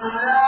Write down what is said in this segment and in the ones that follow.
Allah uh,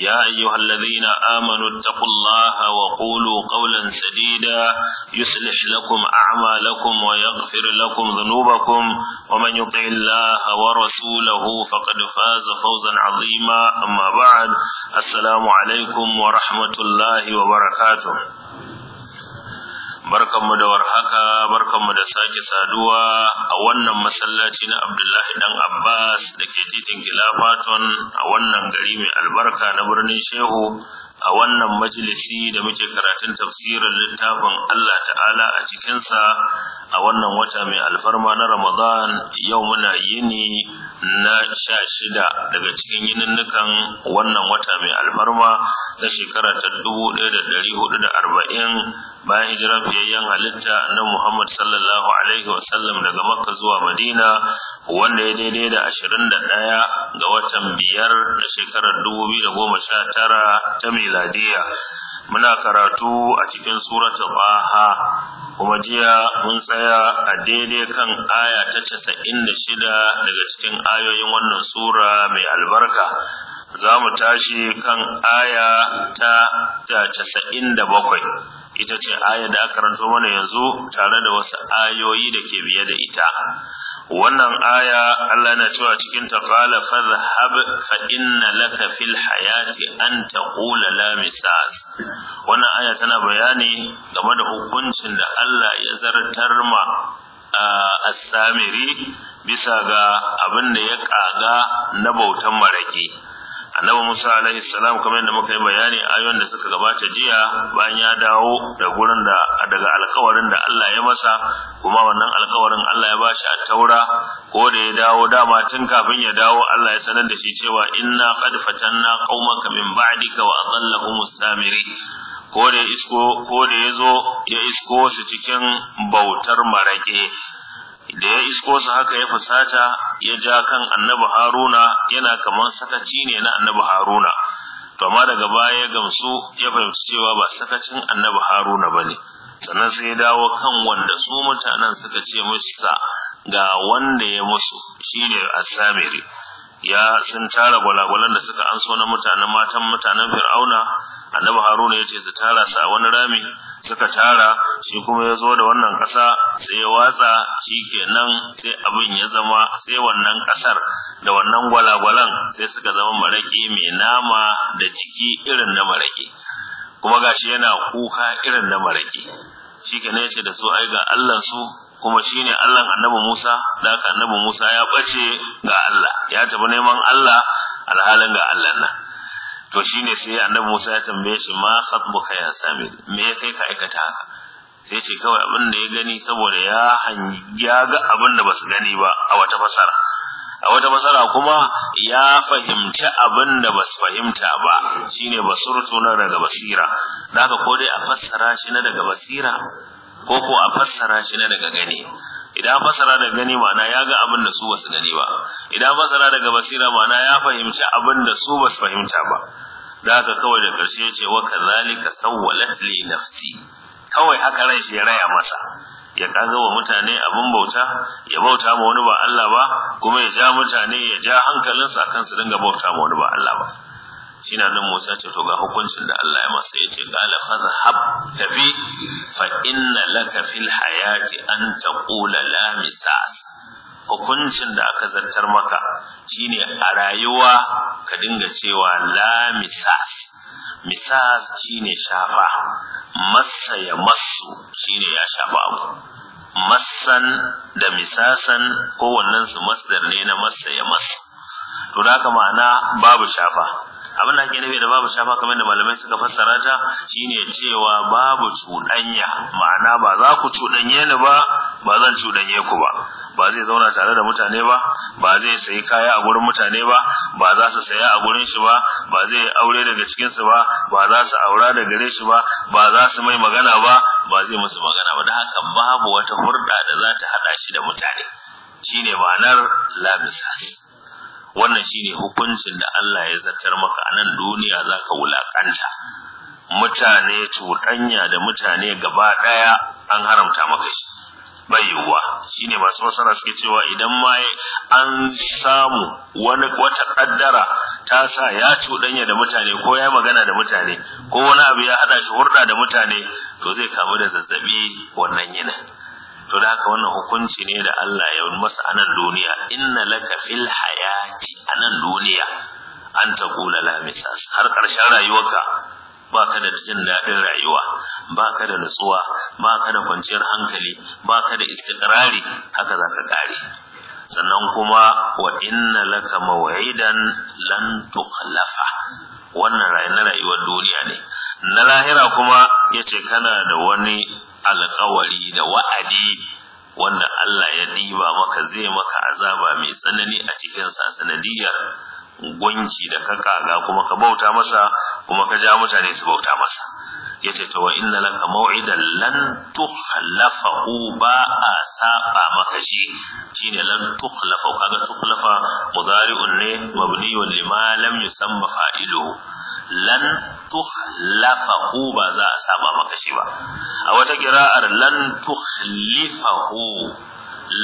يا أيها الذين آمنوا اتقوا الله وقولوا قولا سديدا يصلح لكم أعمالكم ويغفر لكم ذنوبكم ومن يطع الله ورسوله فقد فاز فوزا عظيما أما بعد السلام عليكم ورحمة الله وبركاته barkanmu da warhaka barkanmu da sake saduwa a wannan masallaci na Abdullahi dan Abbas dake titin gilafaton a wannan gari mai albarka na birnin Shehu a wannan majalisi da muke karatun tafsirin littafin Allah ta'ala a cikinsa a wannan wata mai alfarma na Ramadan yau muna yini na sha shida daga cikin yininnukan wannan wata mai alfarma na shekara ta dubu ɗaya da ɗari hudu da arba'in bayan hijiran fiyayyen halitta na Muhammad sallallahu alaihi wasallam daga Makka zuwa Madina wanda ya daidai da ɗaya ga watan biyar da shekarar tara ta miladiya muna karatu a cikin suratul Baha kuma jiya mun tsaya a daidai kan aya ta casa'in shida daga cikin ayoyin wannan sura mai albarka za mu tashi kan aya ta bakwai. ita ce aya da aka ranto mana yanzu tare da wasu ayoyi da ke biye da ita wannan aya Allah yana cewa cikin ta qala fadhhab fa inna laka fil hayati an taqula la misas wannan aya tana bayani game da hukuncin da Allah ya zartar ma as-samiri bisa ga abin da ya kaga na bautan maraki annabi Musa alaihi salam kamar yadda muka yi bayani ayoyin da suka gabata jiya bayan ya dawo da gurin da daga alkawarin da Allah ya masa kuma wannan alkawarin Allah ya bashi a taura ko da ya dawo dama tun kafin ya dawo Allah ya sanar da shi cewa inna qad fatanna qaumaka min ba'dika wa adallahum samiri ko da isko ko da yazo ya isko su cikin bautar marake da ya isko su haka ya fusata ya ja kan annabi haruna yana kamar sakaci ne na annabi haruna to amma daga baya ya gamsu ya fahimci cewa ba sakacin annabi haruna ba ne sannan sai ya dawo kan wanda su mutanen suka ce sa ga wanda ya musu shine asamiri ya sun tara gwalagwalan da suka anso na mutanen matan mutanen fir'auna annabi haruna ya ce su tara sa wani rami suka tara shi kuma ya zo da wannan kasa sai ya watsa shi kenan sai abin ya zama sai wannan ƙasar da wannan gwalagwalan sai suka zama maraƙi mai nama da jiki irin na maraƙi kuma gashi yana kuka irin na maraƙi shi yace ce da su ai ga allah su kuma shi ne Allah annabi Musa, da aka annabi Musa ya ɓace ga Allah, ya tafi neman Allah alhalin ga Allah nan. to shine sai annabi Musa ya tambaye shi ma khatbuka ya Samir me ya kai ka aikata haka sai ce kawai abin da ya gani saboda ya ya ga abin da basu gani ba a wata fasara a wata fasara kuma ya fahimci abin da basu fahimta ba shine basurtu na daga basira naka ko dai a fassara shi na daga basira ko ko a fassara shi na daga gani idan fasara da gani ma'ana ya ga abin da su basu gani ba idan fasara daga basira ma'ana ya fahimci abin da su basu fahimta ba da haka kawai da karshe ya ce wa kazalika sawwalat li nafsi kawai haka ran shi ya raya masa ya kaga wa mutane abin bauta ya bauta ma wani ba Allah ba kuma ya ja mutane ya ja hankalinsa akan su dinga bauta ma wani ba Allah ba shine nan Musa ce to ga hukuncin da Allah ya masa yace qala fadhhab tafi fa inna laka fil hayati an taqula la misas hukuncin da aka zartar maka shine a rayuwa ka dinga cewa la misas misas shine shafa massa ya massu shine ya shafa abu massan da misasan kowannen su masdar ne na massa ya massu to da ma'ana babu shafa abin da ake nufi da babu shafa kamar da malamai suka fassara ta shine cewa babu cuɗanya ma'ana ba za ku cuɗanye ni ba ba zan cuɗanye ku ba ba zai zauna tare da mutane ba ba zai sayi kaya a gurin mutane ba ba za su saya a gurin shi ba ba zai aure daga cikin su ba ba za su aura da gare shi ba ba za su mai magana ba ba zai musu magana ba da haka babu wata hurɗa da za ta haɗa shi da mutane shine ma'anar la misali wannan shine hukuncin da Allah ya zartar maka a nan duniya zaka wulakanta mutane cuɗanya da mutane gaba ɗaya an haramta maka shi bayuwa shine masu masana suke cewa idan ma an samu wani wata kaddara ta sa ya cuɗanya da mutane ko ya magana da mutane ko wani abu ya haɗa shi hurda da mutane to zai kamu da zazzabi wannan yinin to da haka wannan hukunci ne da Allah ya masa anan duniya inna laka fil hayati nan duniya an taqula la misas har ƙarshen rayuwarka baka da jin daɗin rayuwa baka da nutsuwa baka da kwanciyar hankali baka da istiqrari haka zaka kare sannan kuma wa inna laka maw'idan lan tukhlafa wannan rayuwar duniya ne na lahira kuma yace kana da wani alkawari da wa'adi wanda Allah ya ɗiba maka zai maka azaba mai tsanani a cikin sa sanadiyar gunki da ka kaga kuma ka bauta masa kuma ka ja mutane su bauta masa yace to wa inna laka maw'idan lan tukhlafahu ba a saba maka shi shine lan tukhlafa kaga mu mudari'un ne mabniyun lima lam yusamma fa'iluhu lan tuhlafahu ba za a saba maka shi ba a wata kira'ar lan tuhlifahu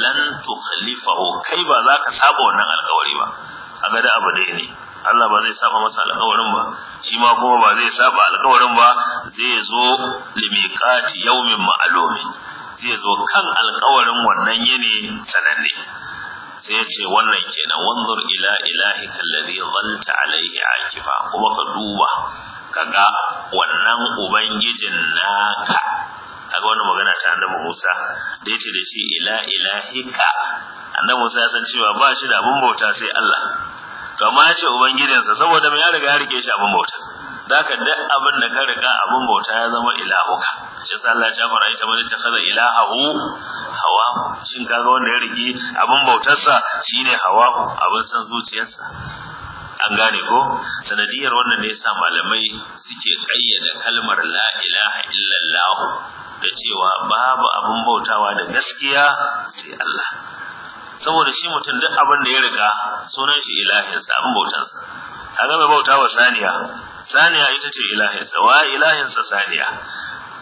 lan tuhlifahu kai ba za ka saba wannan alkawari ba a gada abu ɗaya ne Allah ba zai saba masa alkawarin ba shi ma kuma ba zai saba alkawarin ba zai zo limiqati yawmin ma'lumi zai zo kan alkawarin wannan yini sananne sai ya ce wannan na wanzur ila ilahika alladhi zalta alayhi akifa kuma ka duba kaga wannan ubangijin naka kaga wannan magana ta annabi Musa da yace da shi ila ilahika annabi Musa ya san cewa ba shi da abun bauta sai Allah Kamar ya ce ubangijinsa saboda mai ya riga ya rike shi abin bauta zaka duk abin da ka rika abin bauta ya zama ilahuka shi yasa Allah ya fara ita bane ta kaza ilahahu hawa shin kaga wanda ya riki abin bautarsa shine hawa abin san zuciyarsa an gane ko sanadiyar wannan ne yasa malamai suke kayyada kalmar la ilaha illallah da cewa babu abin bautawa da gaskiya sai Allah saboda shi mutum duk abin da ya rika sunan shi ilahinsa abin bautarsa kaga bai bauta wa saniya saniya ita ce ilahinsa wa ilahinsa saniya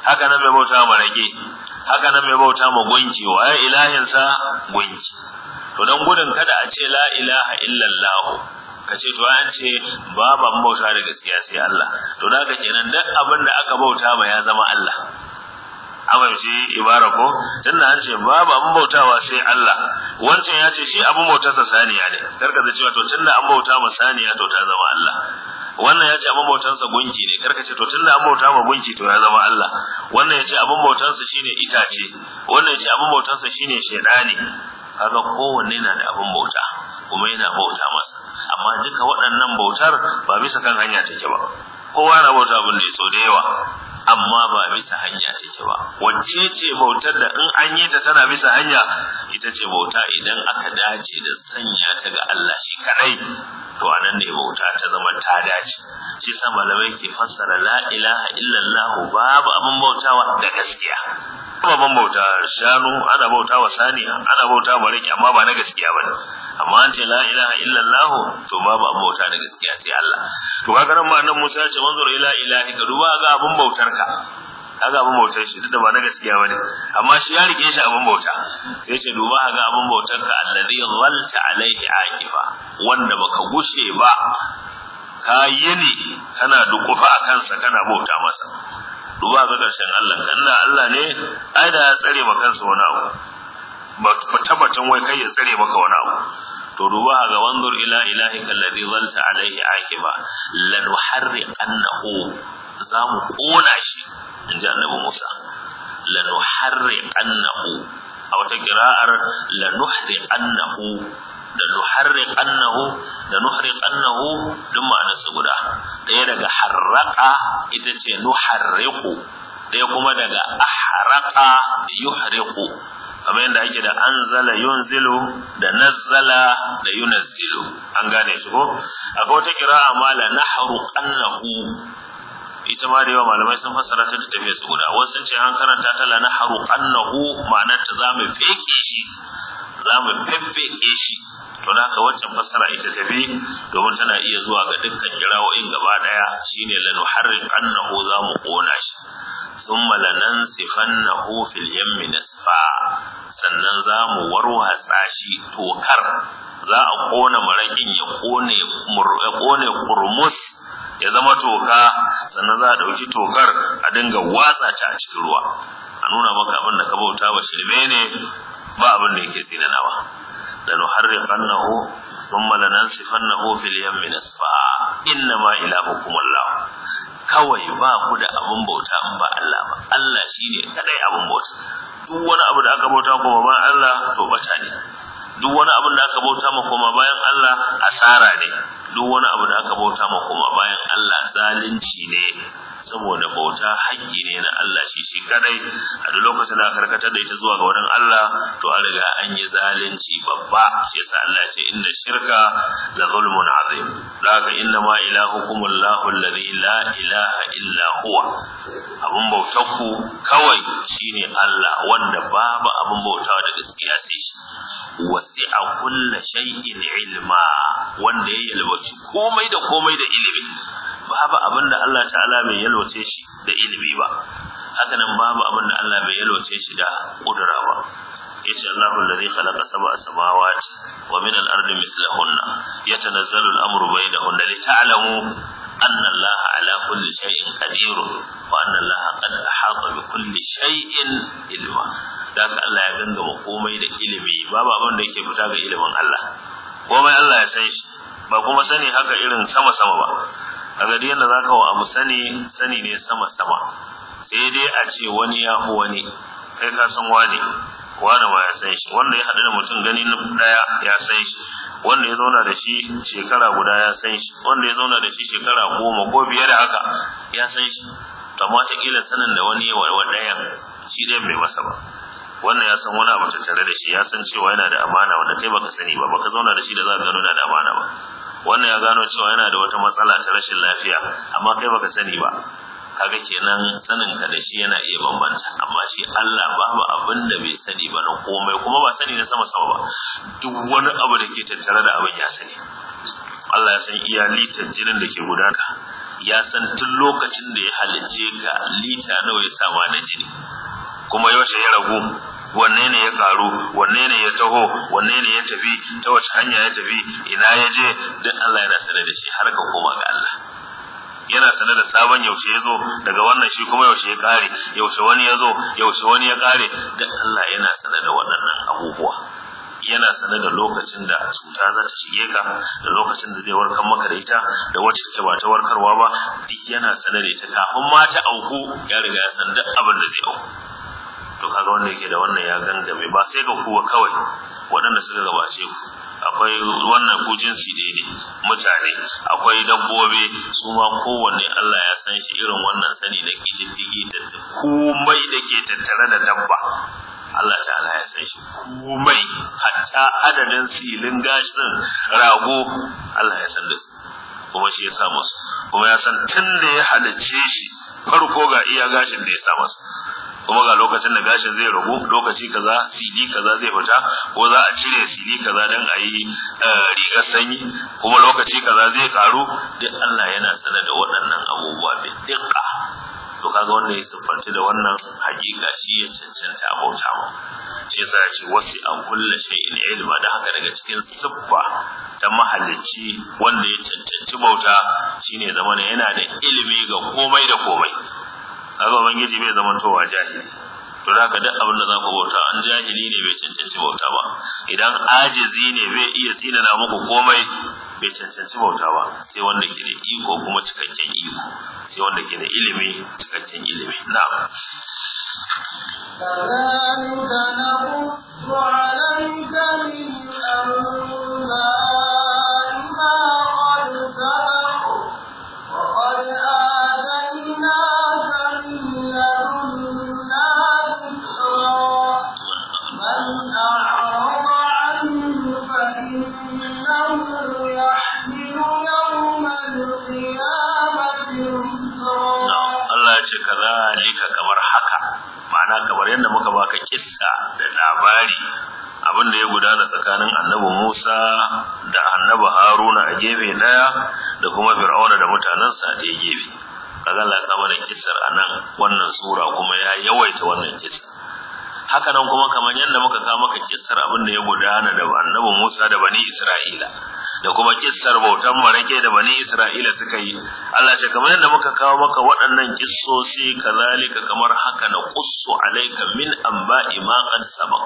haka nan mai bauta ma rage haka nan mai bauta ma gunki wa ilahinsa gunki to dan gudun kada a ce la ilaha illallah ka ce to an ce babu mun bauta da gaskiya sai Allah to da haka kenan duk abin da aka bauta ma ya zama Allah ce ibara ko tunda an ce babu an bautawa sai Allah wancan ya ce shi abin bautarsa saniya ne karka da cewa to tunda an bauta ma saniya to ta zama Allah wannan ya ce abin bautansa gunki ne karka ce to tun da an bauta ma gunki to ya zama Allah wannan ya ce abin bautansa shine itace wannan ya ce abin bautansa shine shaidani kaga kowanne na da abin bauta kuma yana bauta masa amma duka waɗannan bautar ba bisa kan hanya take ba kowa na bauta abin da ya so da yawa amma ba bisa hanya take ba wacce ce bautar da in an yi ta tana bisa hanya ita ce bauta idan aka dace da sanya ta ga Allah shi kadai to anan ne bauta ta zama ta dace shi sa malamai ke fassara la ilaha illallah babu abin bautawa da gaskiya ababen bauta shanu ana bauta wa saniya ana bauta wa Rike, amma ba na gaskiya ba ne. amma an ce la ilaha illallah to ba ba bauta na gaskiya sai Allah to kaga nan ma Musa ya ce manzo ila ilahi ka duba ga abun bautar ka kaga abun bautar shi duk da ba na gaskiya ba ne. amma shi ya rike shi abun bauta sai ce duba ga abun bautar ka alladhi zalta alaihi akifa wanda baka gushe ba ka ne kana dukufa a kansa kana bauta masa duba ga ƙarshen Allah kanna Allah ne ai da ya tsare maka kansa wani abu ba tabbacin wai kai ya tsare maka wani abu to duba ga wanzur ila ilahi kalladhi zalta alaihi akiba lanuharri annahu za mu kona shi in ji annabi Musa lanuharri annahu a wata kira'ar lanuhri annahu da luharriq annahu da nuhriq annahu duk ma'anar su guda Daya daga harraqa ita ce nuharriqu Daya kuma daga ahraqa yuhriqu kamar yadda ake da anzala yunzilu da nazzala da yunazzilu an gane su ko akwai wata kira'a ma la annahu ita ma da yawa malamai sun fassara ta tafi su guda wasu sun ce an karanta ta la annahu ma'anar ta zamu feke shi zamu feffeke shi to da haka waccan fassara ita ta tafi domin tana iya zuwa ga dukkan kirawoyin gaba daya shine lanuharriqannahu za mu kona shi thumma lanansifannahu fil yammi nasfa sannan za mu warwatsa shi tokar za a kona marakin ya kone ya kone kurmus ya zama toka sannan za a dauki tokar a dinga watsa ta a cikin ruwa a nuna maka abin da ka bauta ba shirme ne ba abin da yake tsinanawa لنحرقنه ثم لننسفنه في اليم نسفا إنما إلهكم الله kawai ba ku da abin bauta in ba Allah ba Allah shine kadai abin bauta duk wani abu da aka bauta kuma ba Allah to bata ne duk wani abu da aka bauta ma kuma bayan Allah asara ne duk wani abu da aka bauta ma kuma bayan Allah zalunci ne saboda bauta haƙƙi ne na Allah shi shi kadai a duk lokacin da karkatar da ita zuwa ga wurin Allah to an riga an yi zalunci babba shi yasa Allah ce inna shirka la zulmun azim laka inna ma ilahukum Allahu alladhi la ilaha illa huwa abun bautar ku kawai shine Allah wanda babu abun bautawa da gaskiya sai shi wasi'a kulli shay'in ilma wanda ya yalwaci komai da komai da ilimi babu abin da Allah ta'ala bai yalwace shi da ilimi ba haka nan babu abin da Allah bai yalwace shi da kudura ba yace Allahu alladhi khalaqa sab'a samawati wa min al-ardi mithlahunna yatanazzalu al-amru bainahunna lita'lamu anna Allaha ala kulli shay'in qadir wa anna Allaha qad ahata bi kulli shay'in ilma dan Allah ya gangama komai da ilimi babu abin da yake fita ga ilimin Allah komai Allah ya san shi ba kuma sani haka irin sama sama ba a gadi yadda za ka wa sani sani ne sama sama sai dai a ce wani ya fi wani kai ka san wani?' wani ma ya san shi wanda ya haɗu da mutum gani na ɗaya ya san shi wanda ya zauna da shi shekara guda ya san shi wanda ya zauna da shi shekara goma ko biyar da haka ya san shi amma ta sanin da wani wa ɗayan shi ɗayan bai masa ba wannan ya san wani abu tattare da shi ya san cewa yana da amana wanda kai baka sani ba baka zauna da shi da za ka gano yana da amana ba wannan ya gano cewa yana da wata matsala ta rashin lafiya amma kai baka sani ba kaga kenan sanin ka da shi yana iya bambanta amma shi Allah babu abin da bai sani ba na komai kuma ba sani na sama sama ba duk wani abu da ke tattare da abin ya sani Allah ya san iya litar jinin da ke gudana ya san tun lokacin da ya halicce ka lita nawa ya sama na jini kuma yaushe ya ragu wanne ne ya karu wanne ne ya taho wanne ne ya tafi ta wace hanya ya tafi ina ya je dan Allah yana sanar da shi har ka koma ga Allah yana sanar da sabon yaushe ya zo daga wannan shi kuma yaushe ya kare yaushe wani ya zo yaushe wani ya kare Dan Allah yana sanar da waɗannan abubuwa yana sane da lokacin da cuta za ta shige ka da lokacin da zai warkar maka da ita da wacce take ba ta warkarwa ba duk yana sane da ita kafin ma ta auku ya riga ya san duk abin da zai auku to kaga wanda yake da wannan ya gangame ba sai ga kuwa kawai waɗanda suka gabace ku akwai wannan kujin su daidai, mutane akwai dabbobi su ma kowanne Allah ya san shi irin wannan sani da ke diddigi da komai da ke tattare da dabba Allah ta'ala ya san shi komai hatta adadin silin gashin rago Allah ya san dasu, kuma shi ya sa musu kuma ya san tun da ya halicce shi farko ga iya gashin da ya sa masa kuma ga lokacin da gashin zai ragu lokaci kaza CD kaza zai fita ko za a cire CD kaza dan a yi eh, rigar sanyi kuma lokaci kaza zai karu duk Allah yana sana da waɗannan abubuwa bi dukka to kaga wannan ya siffanci da wannan hakika shi ya cancanta a bauta ma shi yasa ce wasi an kulla shay'in ilma da haka daga cikin siffa ta mahalicci wanda ya cancanci bauta shine zamana yana da ilimi ga komai da komai kaga ubangiji bai zama towa jahili to zaka duk abin da zaka bauta an jahili ne bai cancanci bauta ba idan ajizi ne bai iya na muku komai bai cancanci bauta ba sai wanda ke da iko kuma cikakken iko sai wanda ke da ilimi cikakken ilimi na كذلك نقص عليك من أنباء kisa da labari abin da ya gudana tsakanin annabi Musa da annabi Haruna a gefe daya da kuma Fir'auna da mutanensa a ɗaya gefe kaga Allah ka mana kissar anan wannan sura kuma ya yawaita wannan kisa haka nan kuma kamar yadda muka kawo maka kissar abin da ya gudana da annabi Musa da bani Isra'ila da kuma kissar bautan marake da bani Isra'ila suka yi Allah ce kamar yadda muka kawo maka waɗannan kissosi kazalika kamar haka na qussu alayka min anba'i ma qad sabaq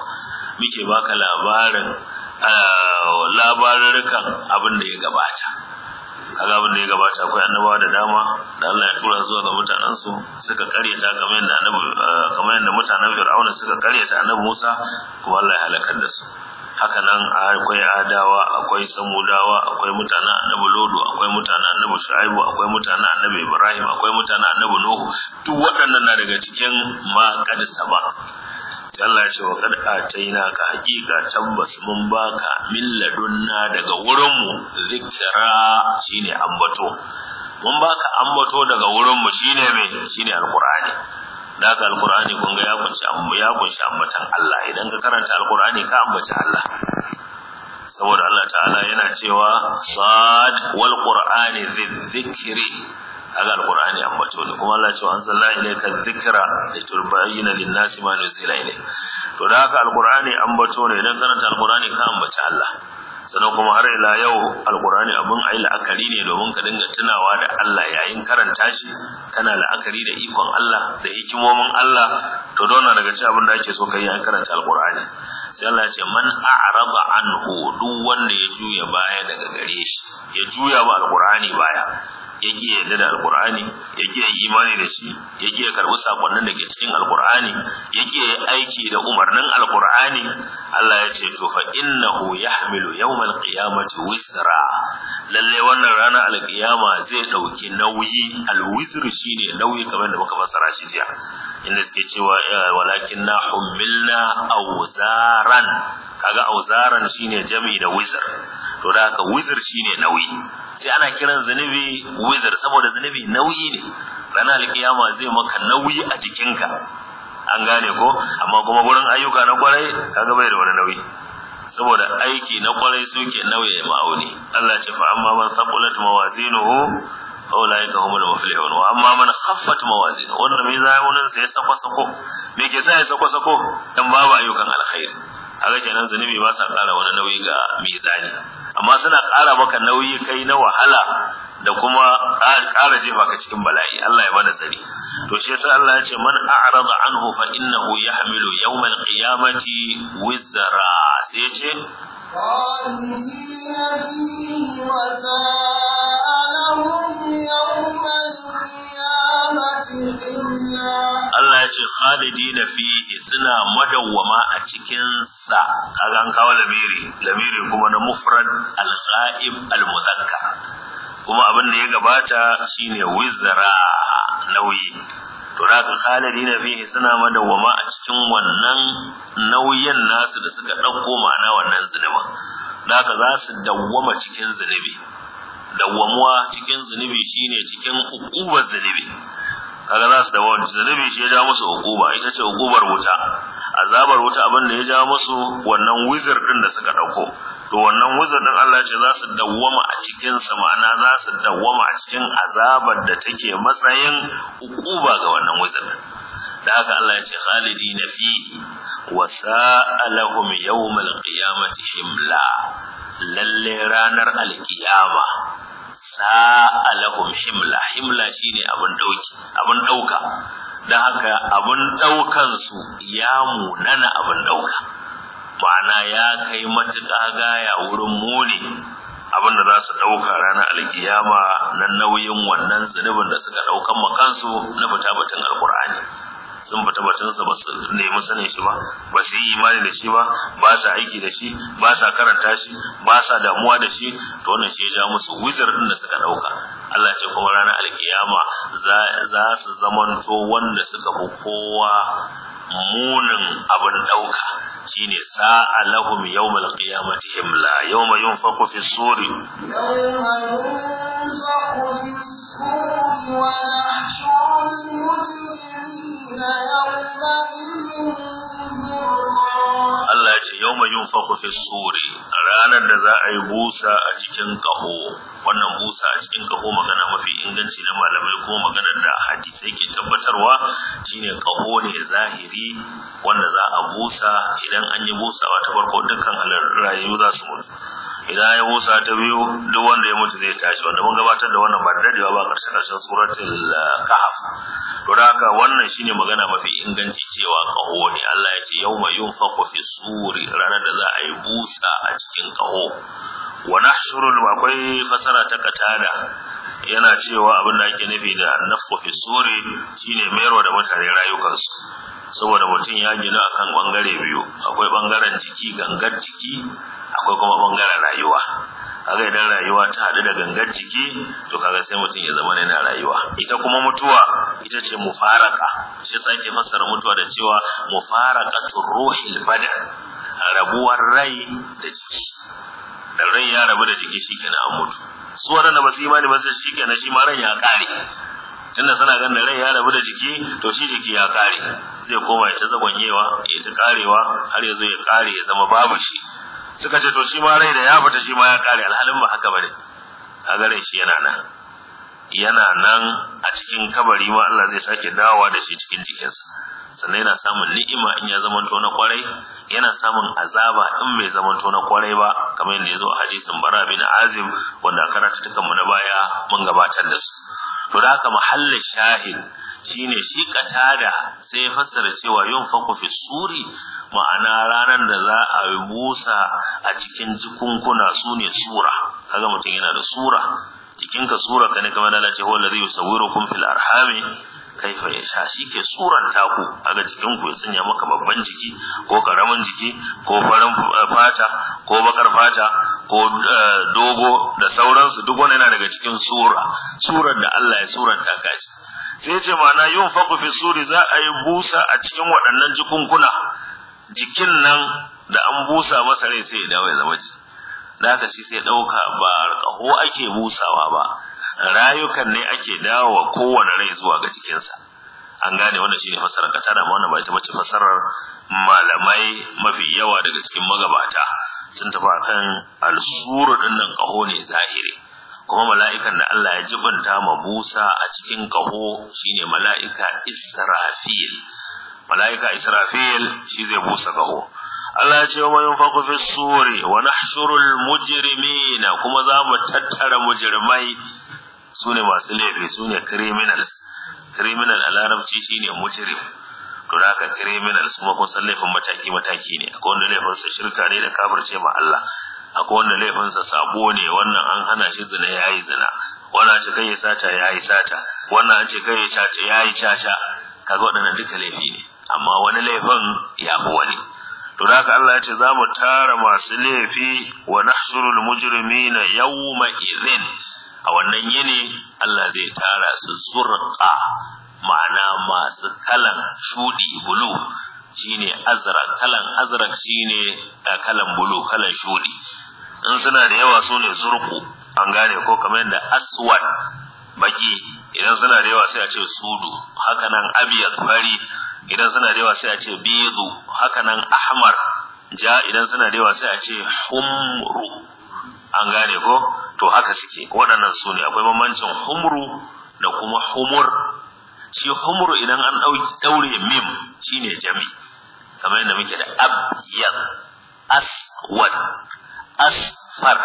muke baka labarin ah, labarukan abin da ya gabata kaga abin da ya gabata akwai annabawa da dama da Allah ya tura zuwa ga mutanensu suka karyata kamar yadda annabi ah, kamar yadda mutanen Fir'auna suka karyata annabi Musa kuma Allah ya halakar da su haka nan akwai adawa akwai samudawa akwai mutanen annabi lodo akwai mutanen annabi shu'aibu akwai mutanen annabi ibrahim akwai mutanen annabi nuhu duk waɗannan na daga cikin ma kad saba sai Allah ya ce wa kad ataina ka hakika tabbas mun baka min ladunna daga wurinmu zikra shine ambato mun baka ambato daga wurinmu shine me shine alqur'ani da ka alkur'ani kun ga ya kunshi ya kunshi ambatan Allah idan ka karanta alkur'ani ka ambaci Allah saboda Allah ta'ala yana cewa sad wal qur'ani dhikri kaga alqur'ani ambato ne kuma Allah ya ce an salla ilayka dhikra turbayina lin-nasi ma nuzila ilayk to da ka alqur'ani ambato ne idan karanta alqur'ani ka ambaci Allah sannan kuma har ila yau alkurani abin ayi la'akari ne domin ka dinga tunawa da Allah yayin karanta shi kana la'akari da ikon Allah da hikimomin Allah to dona daga cikin abin da ake so kai yayin karanta alkurani sai Allah ya ce man a'raba anhu duk wanda ya juya baya daga gare shi ya juya ba alkurani baya ya ki yarda da alkur'ani ya ki yi imani da shi ya ki karɓi sakonnin da ke cikin alkur'ani ya ki yi aiki da umarnin alkur'ani Allah ya ce to fa innahu yahmilu yawmal qiyamati wisra lalle wannan ranar alkiyama zai dauki nauyi alwizr shine nauyi kamar da muka fassara shi jiya inda suke cewa walakin na hummilna awzaran kaga awzaran shine jami'i da wizr to da haka wizir shine nauyi sai ana kiran zunubi wizir saboda zunubi nauyi ne ranar alkiyama zai maka nauyi a jikinka an gane ko amma kuma gurin ayyuka na kwarai kaga bai da wani nauyi saboda aiki na kwarai suke nauye ma'auni Allah ce fa amma man saqulat mawazinuhu faulaika humul muflihun wa amma man khaffat mawazin wanda mai zamanin sa ya sako sako me ke sa ya sako sako dan babu ayyukan alkhairi haka kenan zanubi ba sa kara wani nauyi ga mizani amma suna ƙara maka nauyi kai na wahala da kuma ƙara jefa ka cikin bala'i Allah ya bada tsari to shi yasa Allah ya ce man a'rada anhu fa innahu yahmilu yawmal qiyamati wizra sai ya ce Allah ya ce khalidina fihi suna madawwama a cikin sa kaga kawo lamiri lamiri kuma na mufrad al-qa'im al-mudhakkar kuma abin da ya gabata shine wizra nauyi to da ka khalidina fihi suna madawwama a cikin wannan nauyin nasu da suka dauko ma'ana wannan zinuba da ka za su dawwama cikin zinubi? dawwamuwa cikin zunubi shine cikin hukubar zinubi. kaga za su dawo wani zanubi shi ya ja musu hukuba, ita ce hukubar wuta azabar wuta abin da ya ja musu wannan wizard din da suka dauko to wannan wizard din Allah ce za su dawwama a cikin sa ma'ana za su dawwama a cikin azabar da take matsayin hukuba ga wannan wizard da haka Allah ya ce khalidina fihi wa sa'alahum yawmal qiyamati himla lalle ranar alkiyama sa'a lahum himla himla shine abun dauki abun dauka dan haka abun daukan su ya munana abun dauka bana ya kai matuƙa gaya wurin mole abin da za su ɗauka ranar alkiyama na nauyin wannan zunubin da suka ɗaukan makansu na fita batun alkur'ani sun fita batunsa ba su nemi sanin shi ba ba su yi imani da shi ba ba sa aiki da shi ba sa karanta shi ba sa damuwa da shi to wannan shi ya ja musu wizar din da suka dauka Allah ce kuma ranar alkiyama za su to wanda suka fi kowa munin abin dauka shine sa alahum yawmal qiyamati himla yawma yunfakhu fi suri yawma yunfakhu fi suri wa Allah ya ce yau mai yin fi suri ranar da za a yi busa a cikin kaho wannan busa a cikin kaho magana mafi inganci na malamai ko magana da hadisai ke tabbatarwa shine kaho ne zahiri wanda za a busa idan an yi busawa ta farko dukkan halayen rayu za su mutu idan ya busa ta biyu duk wanda ya mutu zai tashi wanda mun gabatar da wannan ba da dadewa ba karshen karshen suratul eh, kahf to da haka wannan shine magana mafi inganci cewa kaho ne Allah ya ce yawma yunfaqu fi suri ranar da za a yi busa a cikin kaho wa nahshuru akwai fasara ta katada yana cewa abin da ake nufi da nafqu fi suri shine mayarwa da mutane rayukansu saboda mutum ya gina a kan ɓangare biyu akwai ɓangaren jiki gangar jiki akwai kuma ɓangaren rayuwa kaga idan rayuwa ta haɗu da gangar jiki to kaga sai mutum ya zama yana rayuwa ita kuma mutuwa ita ce mufaraka shi sake fassara mutuwa da cewa mufaraka ruhil badan rabuwar rai da jiki da rai ya rabu da jiki shikenan an mutu su waɗanda ba su imani ba sai shikenan shi ma rai ya kare tunda suna ganin rai ya rabu da jiki to shi jiki ya kare zai koma ya ta zagonyewa ya ta karewa har ya ya kare ya zama babu shi suka ce to shi ma rai da ya fita shi ma ya kare alhalin ba haka bane kaga rai shi yana nan yana nan a cikin kabari ma Allah zai sake dawowa da shi cikin jikinsa sannan yana samun ni'ima in ya zamanto na kwarai yana samun azaba in bai zamanto na kwarai ba kamar yadda ya zo a hadisin bara bin azim wanda a karatu mu na baya mun gabatar da su to da haka mahallin shahid shine shi katada sai ya fassara cewa yun faku fi suri ma'ana ranar da za a yi busa a cikin jikunkuna su ne sura kaga mutum yana da sura jikinka sura ka ne kamar da lace wanda zai sauro kun fil arhami kaifa ya sha shi ke suran taku kaga jikin ku ya sanya maka babban jiki ko karamin jiki ko farin fata ko bakar fata ko eh, dogo da sauransu duk wani yana daga cikin sura da Allah ya suranta ka sai ce ma'ana yin faku fi suri za a yi busa a cikin waɗannan jikunkuna jikin nan da an busa masa rai sai ya dawo ya zama da haka shi sai ɗauka ba ƙaho ake busawa ba rayukan ne ake wa kowane rai zuwa ga cikinsa an gane wannan ne fasarar ka tana wannan ba ita bace fasarar malamai mafi yawa daga cikin magabata sun tafi akan alsuru ɗinnan ƙaho ne zahiri kuma mala'ikan da Allah ya jibanta ma Musa a cikin kaho shine mala'ika Israfil mala'ika Israfil shi zai busa kaho Allah ya ce wa man faku fi suri wa nahshurul mujrimina kuma za mu tattara mujrimai sune masu laifi sune criminals criminal a larabci shine mujrim to da haka criminals kuma kun san laifin mataki mataki ne akwai wanda laifin su shirka ne da kafirce ma Allah akwai wanda laifinsa sabo ne wannan an hana shi zina ya yi zina wannan an ce kai ya sata ya yi sata wannan an ce kai ya caca ya yi caca kaga waɗannan duka laifi ne amma wani laifin ya fi wani to da haka Allah ya ce za mu tara masu laifi wa nahsurul mujrimina yawma idhin a wannan yini Allah zai tara su zurqa ma'ana masu kalan shudi bulu shine azra kalan azra shine eh, kalan bulu kalan shudi in suna da yawa su ne zurku an gane ko kamar yadda aswad baki idan suna da yawa sai a ce sudu haka nan abiyar fari idan suna da yawa sai a ce bidu haka nan ahmar ja idan suna da yawa sai a ce humru an gane ko to haka suke waɗannan su ne akwai bambancin humru da kuma humur shi humru idan an ɗaure mim shine jami kamar yadda muke da abiyar aswad asfar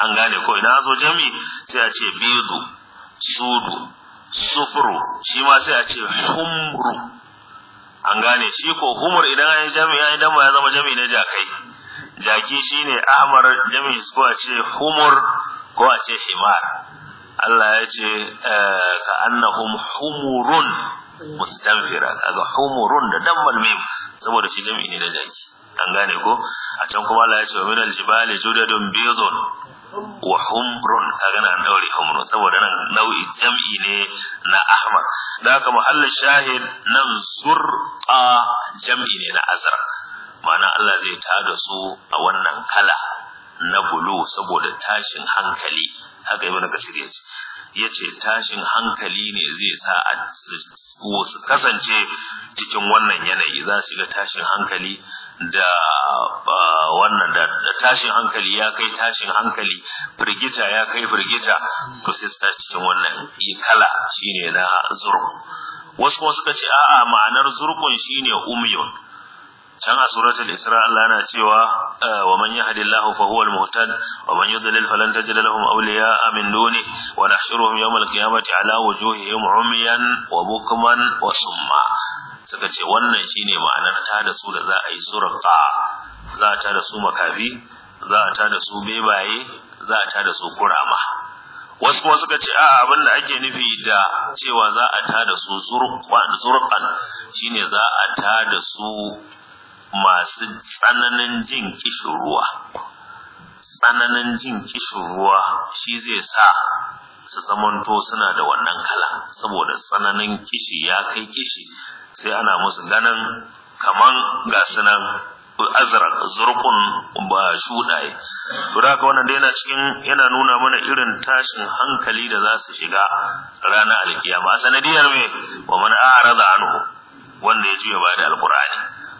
an gane ko idan zo jami sai a ce bidu sudu sufuru shi ma sai a ce humru an gane shi ko humur idan an yi jami ya idan ya zama jami na jakai jaki shine Amar jami ko a ce humur ko a ce himar Allah ya ce eh, ka annahum humurun mustanfira kaga humurun da dammal mim saboda shi jami ne da jaki an gane ko a can kuma Allah ya ce min al-jibal judadun bidun wa humrun gana an daure humrun saboda nan nau'i jam'i ne na ahmar da haka mahallin shahid nan zurqa jam'i ne na azra ma'ana Allah zai tada su a wannan kala na bulu saboda tashin hankali haka ibn kasir ya yace tashin hankali ne zai sa a su kasance cikin wannan yanayi za su ga tashin hankali da wannan da tashin hankali ya kai tashin hankali firgita ya kai firgita to sai su tashi cikin wannan kala shine na zurf wasu kuma suka ce a'a ma'anar zurfun shine umyun can a suratul isra Allah yana cewa eh, wa man yahdillahu fa huwa al-muhtad wa man yudlil falan tajid lahum awliya min duni wa nahshuruhum yawm al-qiyamati ala wujuhihim umyan wa bukman wa summa suka ce wannan shine ma'anar ta da su da za a yi surqa za a ta da su makafi za a ta da su bebaye za a ta da su kurama wasu kuma suka ce a abin da ake nufi da cewa za a ta da su zurqan shine za a ta da su masu tsananin jin kishin ruwa tsananin jin kishin ruwa shi zai sa su zamanto suna da wannan kala saboda tsananin kishi ya kai kishi sai ana musu ganin kaman ga sunan azrak zurqun ba shudaye to da wannan da yana cikin yana nuna mana irin tashin hankali da za su shiga ranar alkiyama sanadiyar me wa man a'rada anhu wanda ya juya ba da alqur'ani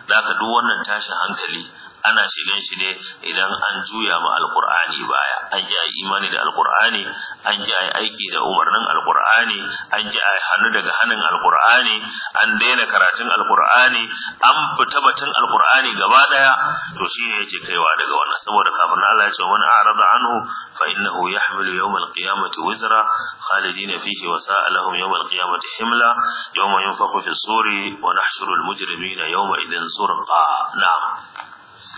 da ka duk wannan tashin hankali ana shigan shi ne idan an juya ma alkur'ani baya an ji ai imani da alkur'ani an ji ayi aiki da umarnin alkur'ani an ji ai hannu daga hannun alkur'ani an daina karatun alkur'ani an fita batun alkur'ani gaba daya to ne yake kaiwa daga wannan saboda kafin Allah ya ce wani arada anhu fa innahu yahmilu yawmal qiyamati wizra khalidina fihi wa sa'a yawmal qiyamati himla yawma yunfakhu fi suri wa nahshuru al mujrimina yawma idin surqa na'am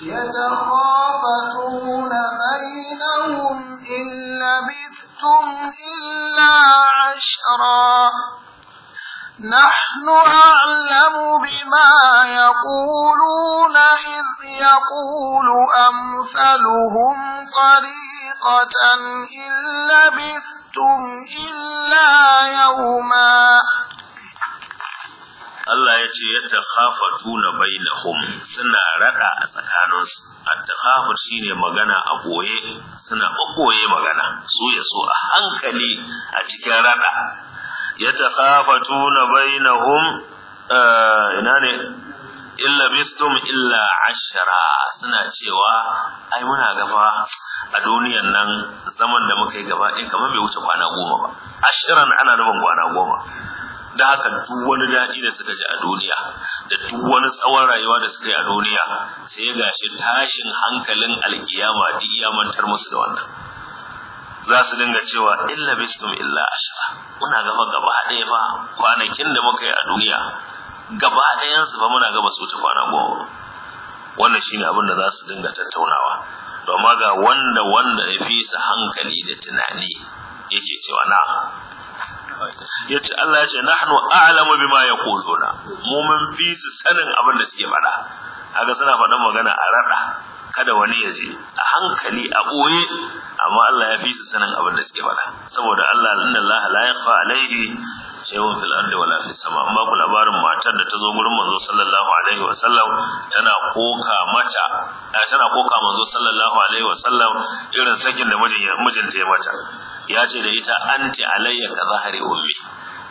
يتخافتون بينهم إن لبثتم إلا عشرا نحن أعلم بما يقولون إذ يقول أمثلهم طريقة إن لبثتم إلا يوما Allah ya ce ya na hum suna rada a tsakaninsu at shi shine magana a goye suna boye magana su ya so a hankali a cikin rada ya na hum, ina ne illa bistum illa ashara suna cewa ai muna gaba a duniyan nan zaman da muka yi gaba ɗaya kamar bai wuce kwana goma ba ashiran ana nufin kwana goma da haka duk wani daɗi da suka ji a duniya da duk wani tsawon rayuwa da suka yi a duniya sai ga gashi tashin hankalin alkiyama duk ya mantar musu da wannan za su dinga cewa illa bistum illa ashara muna gaba gaba ɗaya fa kwanakin da muka yi a duniya gaba ɗayan su fa muna gaba su ta kwana goma wannan shine abin da za su dinga tattaunawa to amma ga wanda wanda ya fi su hankali da tunani yake cewa na yace Allah yace nahnu a'lamu bima yaquluna mu mun fi su sanin abin da suke faɗa haka suna fadan magana a rada kada wani ya je a hankali a boye amma Allah ya fi su sanin abin da suke faɗa saboda Allah inna Allah la yakhfa alayhi shay'un fil ardi wala fis sama amma ku labarin matar da ta zo gurin manzo sallallahu alaihi wa sallam tana koka mata eh, tana koka manzo sallallahu alaihi wa sallam irin sakin da mijinta ya mata ya ce da ita anti alayya ka zahari ummi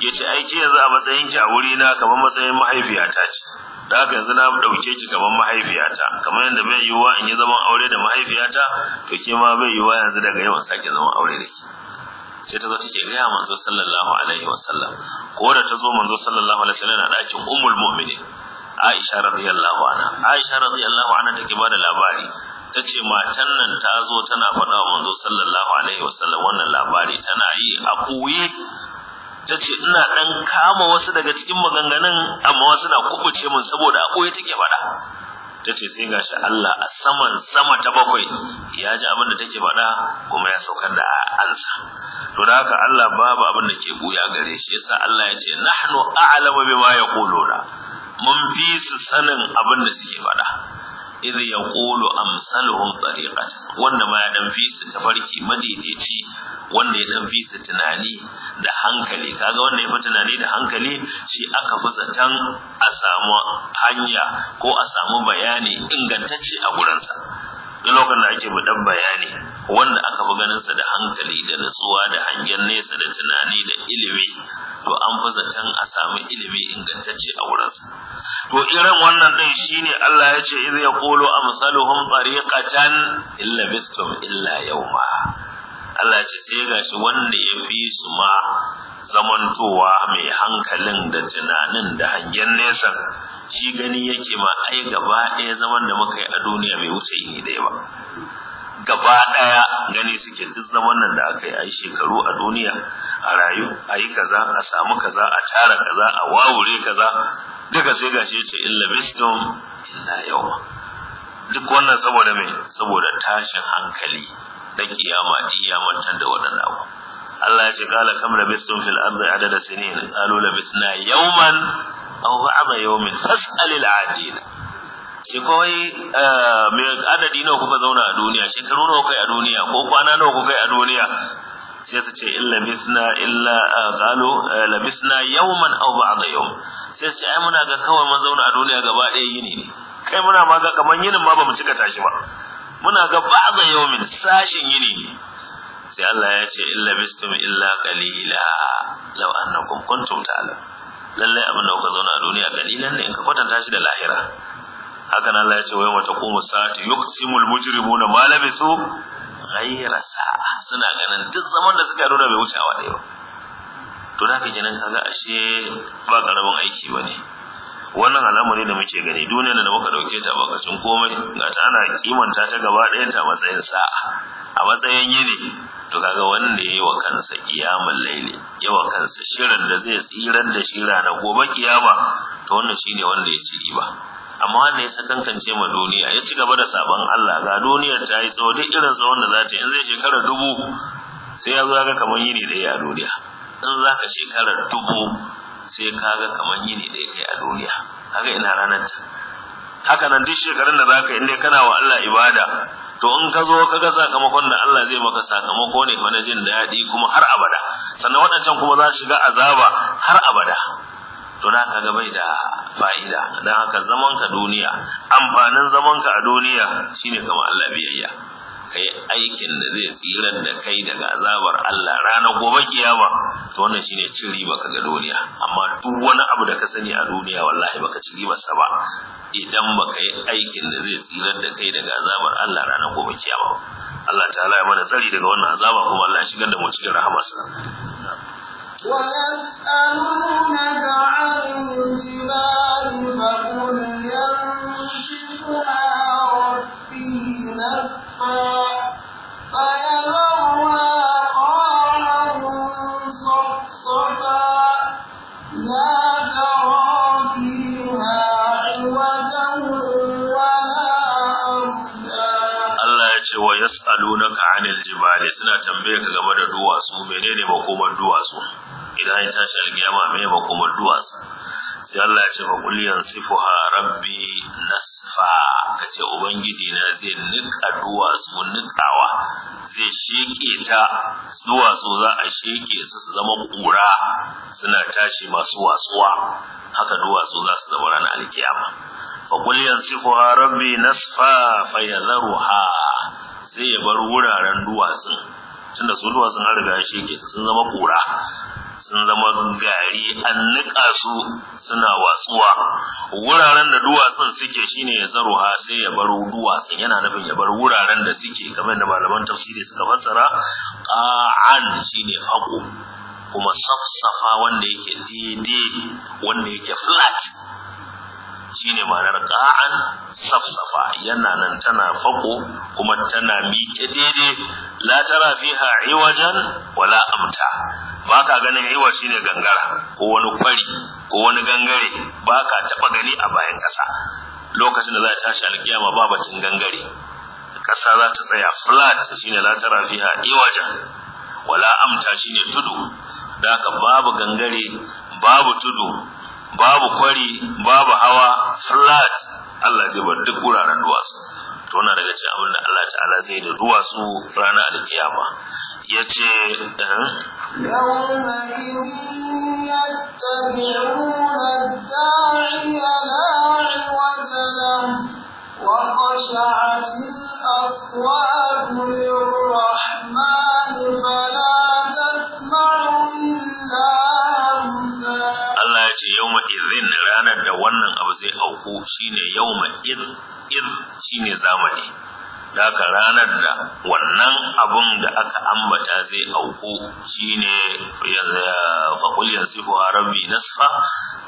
ya ce aiki yanzu a matsayin ki a wuri na kamar matsayin mahaifiyata ce da haka yanzu na ɗauke ki kamar mahaifiyata kamar yadda bai yiwuwa in yi zaman aure da mahaifiyata to ke ma bai yiwuwa yanzu daga yau in sake zaman aure da ki sai ta zo take gaya manzo sallallahu alaihi wasallam ko da ta zo manzo sallallahu alaihi wasallam na ɗakin ummul mu'minin Aisha radiyallahu anha Aisha radiyallahu anha take ba da labari ta ce matan nan ta zo tana faɗa wa manzo sallallahu alaihi wasallam wannan labari tana yi a koye ta ce ina ɗan kama wasu daga cikin maganganun amma wasu na kubuce min saboda a take faɗa ta ce sai gashi Allah a saman sama ta bakwai ya ji abin da take faɗa kuma ya saukar da ansa to da haka Allah babu abin da ke buya gare shi yasa Allah ya ce nahnu a'lamu bima yaquluna mun fi su sanin abin da suke faɗa ya yaqulu amsaluhum tariqat wanda ma ya dan fi su tafarki madaidaici wanda ya dan fi su tunani da hankali kaga wanda ya fi tunani da hankali shi aka fi satan a samu hanya ko a samu bayani ingantacce a gurinsa duk lokacin da ake dan bayani wanda aka fi ganin sa da hankali da nutsuwa da hangen nesa da tunani da ilimi to an fi zaton a samu ilimi ingantacce a wurinsa to irin wannan din shine Allah ya ce idh yaqulu amsaluhum tariqatan illa bistum illa yawma Allah ce sai gashi wanda ya fi su ma zamantowa mai hankalin da tunanin da hangen nesa shi gani yake ma ai gaba ɗaya zaman da muka yi a duniya mai wuce yi ɗaya ba gaba ɗaya gani suke duk zaman nan da aka yi ai shekaru a duniya a rayu a yi kaza a samu kaza a tara kaza a wawure kaza duka sai shi ce illa bistum illa yawa duk wannan saboda me saboda tashin hankali da kiyama iyamantar da waɗannan abu Allah ya ce kala kam bistum fil ardi adada sinin qalu labisna yawman aw ba'ama yawmin fas'alil adina shi kawai me adadi nawa kuka zauna a duniya shekaru nawa kai a duniya ko kwana nawa kuka kai a duniya sai su ce illa bisna illa qalu labisna yawman aw ba'da yawm sai su ce ai muna ga kawai mun zauna a duniya gaba ɗaya yini ne kai muna ma ga kaman yinin ma bamu cika tashi ba muna ga ba'da yawmin sashin yini ne sai Allah ya ce illa bistum illa qalila law annakum kuntum ta'lamun lallai abin da kuka zauna a duniya kalilan ne in ka kwatanta shi da lahira haka nan Allah ya ce wa mata kuma sa'ati yuqsimul mujrimuna ma labisu ghayra sa'a suna ganin duk zaman da suka rura bai wuce a wadai ba to da haka kenan kaga ashe ba karamin aiki bane wannan al'amari da muke gani duniya da muka dauke ta bakacin komai ga ta ana kimanta ta gaba ɗaya ta matsayin sa'a a matsayin yini to kaga wanda yayi wa kansa kiyamul laili yayi wa kansa shirin da zai tsirar da shi rana gobe kiyama to wannan shine wanda ya ci riba amma wanda ya sakankance ma duniya ya ci gaba da sabon Allah ga duniyar ta yi tsawo duk irin tsawon da za ta yi in zai shekarar dubu sai ya zo ga kamar yini da ya duniya in za ka shekara dubu sai ka ga kamar yini da yake a duniya haka ina ranar ta haka nan duk shekarun da zaka inda kana wa Allah ibada to in ka zo ka ga sakamakon da Allah zai maka sakamako ne na jin daɗi kuma har abada sannan waɗancan kuma za su shiga azaba har abada to na kaga bai da fa'ida dan haka zaman ka duniya amfanin zaman ka a duniya shine kamar Allah biyayya kai aikin da zai tsirar da kai daga azabar Allah ranar gobe kiyama to wannan shine cin riba ka ga duniya amma duk wani abu da ka sani a duniya wallahi baka ci riba sa ba idan baka yi aikin da zai tsirar da kai daga azabar Allah ranar gobe kiyama Allah Ta ya mana tsari daga wannan azaba kuma Allah ya shigar da mu cikin rahamarsa ويسألونك عن suna tambaye ka game da duwatsu menene makomar duwatsu idan ya tashi alkiyama me makoman duwatsu sai Allah ya ce fa qul yansifuha rabbi nasfa kace ubangiji na zai nika duwatsu nikawa zai sheke ta duwatsu za a sheke su su zama kura suna tashi masu watsuwa haka duwatsu za su zama ranar alkiyama fa qul yansifuha rabbi nasfa fayadharuha sai ya bar wuraren duwatsun tunda su ruwa sun riga shi ke sun zama kura sun zama gari an niƙa su suna watsuwa wuraren da duwatsun suke shine ya zaro ha sai ya bar duwatsun yana nufin ya bar wuraren da suke kamar da malaman tafsiri suka fassara qa'an shine fako kuma safsafa wanda yake daidai wanda yake flat shine ma'anar qa'an safsafa yana nan tana fako kuma tana miƙe daidai la tara fiha iwajan wala amta ba ka ganin iwa shine gangara ko wani kwari ko wani gangare ba ka taɓa gani a bayan kasa. lokacin da za a tashi alkiyama ba batun gangare kasa za ta tsaya flat shine la tara fiha iwajan wala amta shine tudu da babu gangare babu tudu babu kwari babu hawa flat Allah zai bar duk wuraren duwatsu to na daga cikin abin da Allah ta'ala zai da duwatsu rana da kiyama yace yawma yattabi'una ad-da'iya la wa khasha'at al-aswatu zai auku shine yawma iz iz shine zamani da ranar da wannan abun da aka ambata zai auku shine fa qul yasifu rabbi nasfa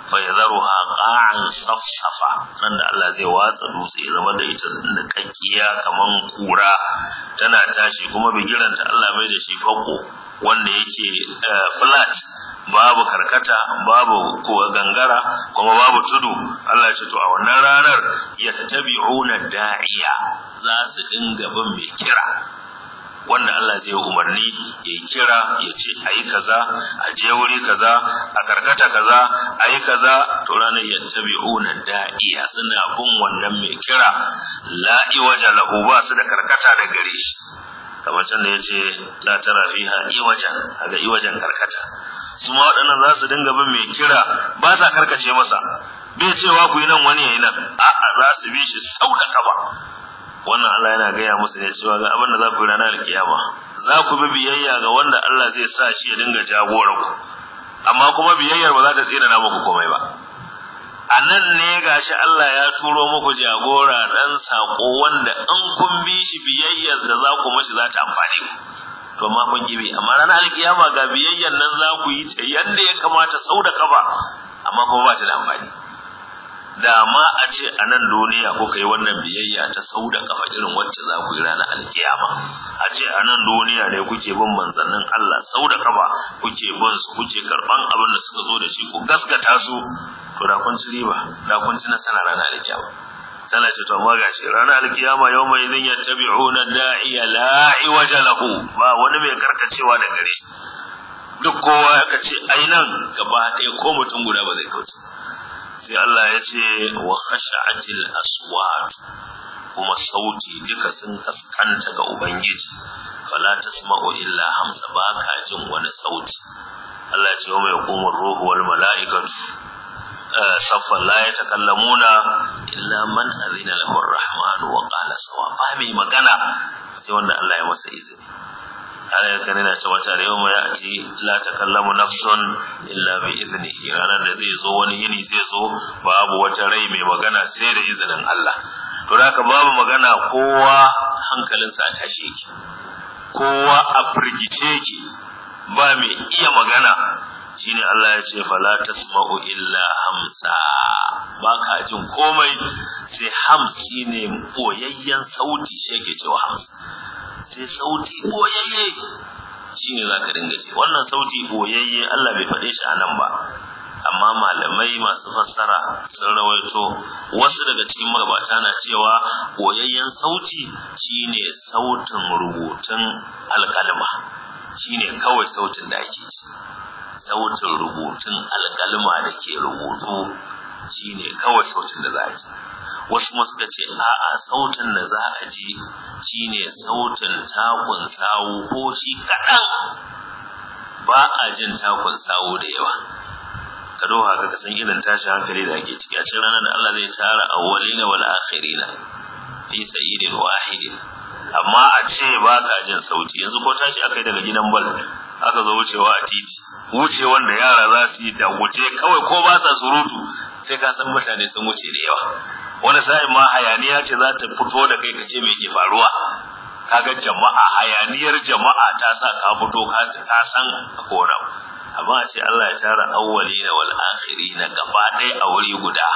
fa yadharuha qa'an safsafa nan da Allah zai watsa dutse ya zama da ita da kakkiya kaman kura tana tashi kuma bigiranta Allah mai da shi fako wanda yake eh, flat babu karkata babu kuwa gangara kuma babu tudu Allah ce to a wannan ranar ya tabi'una da'iya za su dinga bin mai kira wanda Allah zai yi umarni ya kira ya ce a yi kaza a je wuri kaza a karkata kaza a yi kaza to ranar ya tabi'una da'iya suna bin wannan mai kira la'i waje lahu ba su da karkata da gare shi kamar can da ya ce la tara fiha iwajan kaga iwajan karkata su ma waɗannan za su dinga bin mai kira ba sa karkace masa bai cewa ku yi nan wani ya yi nan a'a za su bi shi sau da kaba wannan Allah yana gaya musu ne cewa ga abin da za ku yi ranar alkiyama za ku bi biyayya ga wanda Allah zai sa shi ya dinga jagora ku amma kuma biyayyar ba za ta tsira na muku komai ba a nan ne gashi Allah ya turo muku jagora dan sako wanda in kun bi shi biyayyar da za ku mashi za ta amfani. ku to ma kun gibe amma ranar alkiyama ga biyayyan nan za ku yi ta yadda ya kamata sau da kafa amma kuma ba ta da amfani da ma a ce a nan duniya ko kai wannan biyayya ta sau da kafa irin wacce za ku yi ranar alkiyama a ce a nan duniya ne kuke bin manzannin Allah sau da kafa kuke bin su kuke karban abin da suka zo da shi ku gaskata su to da kun ci riba da kun ci nasara ranar alkiyama Allah ce to amma gashi ranar alkiyama yawma idin yattabi'una da'iya la wajalahu ba wani mai karkacewa da gare duk kowa ya kace ai nan gaba ɗaya ko mutum guda ba zai kauce sai Allah ya ce wa khasha'atil aswat kuma sauti duka sun kaskanta ga ubangiji fala tasma'u illa hamsa ba ka jin wani sauti Allah ya ce wa mai hukumar ruhu wal mala'ikatu Eh, saffan la ya takallamuna illa man azina lahu ar-rahman wa qala sawa ba mai magana sai wanda Allah ya masa izini Allah ya kana cewa tare yau mai aji la takallamu nafsun illa bi iznihi ranar da zai zo wani yini zai zo babu wata rai mai magana sai da izinin Allah to haka babu magana kowa hankalinsa a tashi yake kowa a firgice yake ba mai iya magana shine Allah ya ce falatas tasma'u illa hamsa baka jin komai sai hamsi shine boyayyen sauti shi yake cewa hams sai sauti boyayye shine ka dinga ji wannan sauti boyayye Allah bai faɗe shi a nan ba amma malamai masu fassara sun rawaito wasu daga cikin magabata na cewa boyayyen sauti shine sautin rubutun alkalma shine kawai sautin da ake ci sautin rubutun alƙalma da ke rubutu shine kawai sautin da za a ji wasu masu ce a'a sautin da za a ji shine sautin takun sawu ko shi kaɗan ba a jin takun sawu da yawa ka doha ka san irin tashi hankali da ake ciki a cikin ranar da Allah zai tara awwalina wal akhirina fi sayyidin wahidin amma a ce ba ka jin sauti yanzu ko tashi akai daga gidan bal aka zo wucewa a titi wucewan da yara za su yi da wuce kawai ko ba sa surutu sai ka san mutane sun wuce da yawa wani sa'in ma hayaniya ce za ta fito da kai ka ce me ke faruwa kaga jama'a hayaniyar jama'a ta sa ka fito ka ta san kora amma a ce Allah ya tara awwali na wal akhiri na gaba ɗaya a wuri guda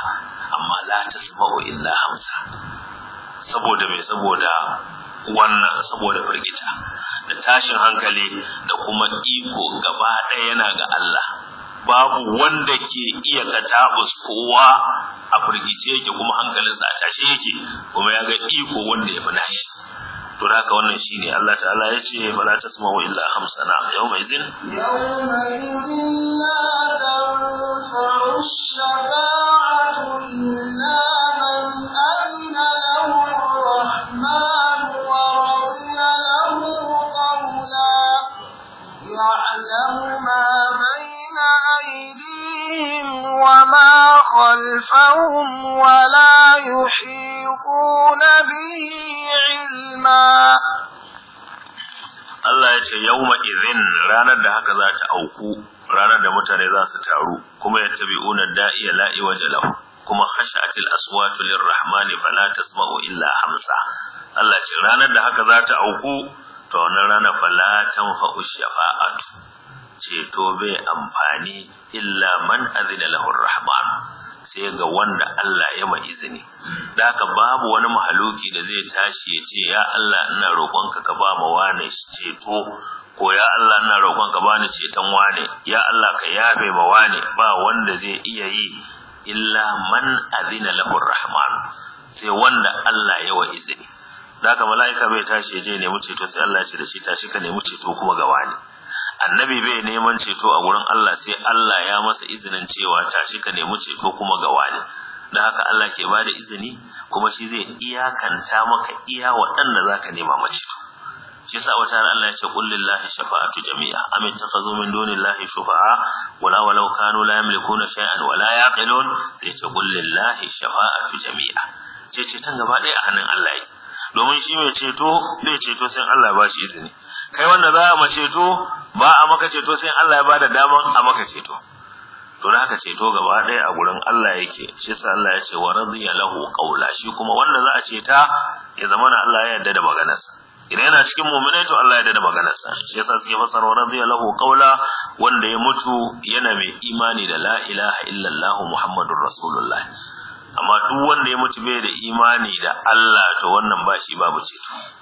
amma la tasma'u illa hamsa saboda me saboda wannan saboda firgita da tashin hankali da kuma iko gaba ɗaya yana ga Allah babu wanda ke iya katabus kowa a firgice yake kuma hankalinsa a tashe yake kuma ya ga iko wanda ya fi nashi to haka wannan shine Allah ta'ala ya ce fala tasma'u illa hamsana yawma yau mai zin la tanfa'u shafa'atu illa خلفهم ولا يحيطون به علما Allah ya ce yau izin ranar da haka za ta auku ranar da mutane za su taru kuma ya tabi unar da'iya la'i wa jalahu kuma khashatil aswatu lirrahmani fala tasma'u illa hamsa Allah ce ranar da haka za ta auku to wannan rana fala tanfa'u shafa'atu ceto bai amfani illa man azina lahu rahman sai ga wanda Allah ya ma izini da haka babu wani mahaluki da zai tashi ya ce ya Allah ina roƙonka ka ba ma wane ceto ko ya Allah ina roƙonka ba ni ceton wane ya Allah ka yafe ma wane ba wanda zai iya yi illa man azina lahu rahman sai wanda Allah ya wa izini da haka mala'ika bai tashi ya je nemi ceto sai Allah ya ce da shi tashi ka nemi ceto kuma ga wani annabi bai neman ceto a wurin Allah sai Allah ya masa izinin cewa tashi ka nemi ceto kuma ga wani da haka Allah ke ba da izini kuma shi zai iyakanta maka iya waɗanda za ka nema mace ceto shi yasa wata ran Allah ya ce qul lillahi shafa'atu jami'a am ittakhadhu min llahi shufa'a wala walau kanu la yamlikuna shay'an wala yaqilun sai ce qul lillahi shafa'atu jami'a ce ce tan gaba ɗaya a hannun Allah yake domin shi mai ceto bai ceto sai Allah ba shi izini kai wanda za a maceto ba a maka ceto sai Allah ya bada daman a maka ceto to da haka ceto gaba ɗaya a gurin Allah yake shi yasa Allah ya ce wa radiya lahu qawla shi kuma wanda za a ceta ya zama na Allah ya yarda da maganarsa idan yana cikin mu'minai to Allah ya yarda da maganarsa shi yasa suke fasara wa radiya lahu qawla wanda ya mutu yana mai imani da la ilaha illallah muhammadur rasulullah amma duk wanda ya mutu bai da imani da Allah to wannan ba shi babu ceto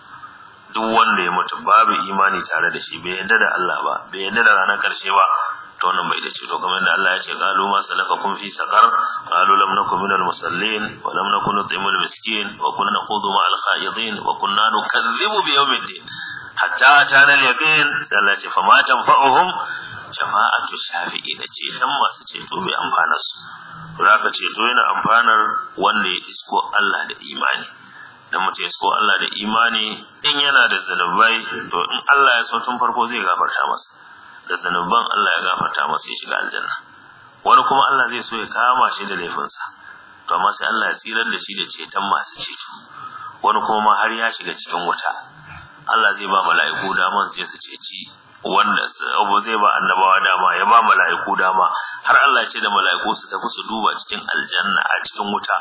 duk wanda ya mutu babu imani tare da shi bai yarda da Allah ba bai yarda da ranar karshe ba to wannan bai da to kamar yadda Allah ya ce qalu ma salakakum fi saqar qalu lam nakum al musallin wa lam nakun al miskin wa kunna nakhudhu al khayidin wa kunna nukadhibu bi yawmiddin hatta atana al-yaqin Allah ya ce fama tanfa'uhum jama'atu shafi'i da ce dan masu ceto bai amfana su to zaka ceto yana amfanar wanda ya isko Allah da imani da mutum ya so Allah da imani in yana da zanubai to in Allah ya so tun farko zai gafarta masa da zanuban Allah ya gafarta masa ya shiga aljanna wani kuma Allah zai so ya kama shi da laifinsa to amma sai Allah ya tsirar da shi da ceton masu ceto wani kuma har ya shiga cikin wuta Allah zai ba mala'iku daman sai su ceci wanda abu zai ba annabawa dama ya ba mala'iku dama har Allah ce da mala'iku su tafi su duba cikin aljanna a cikin wuta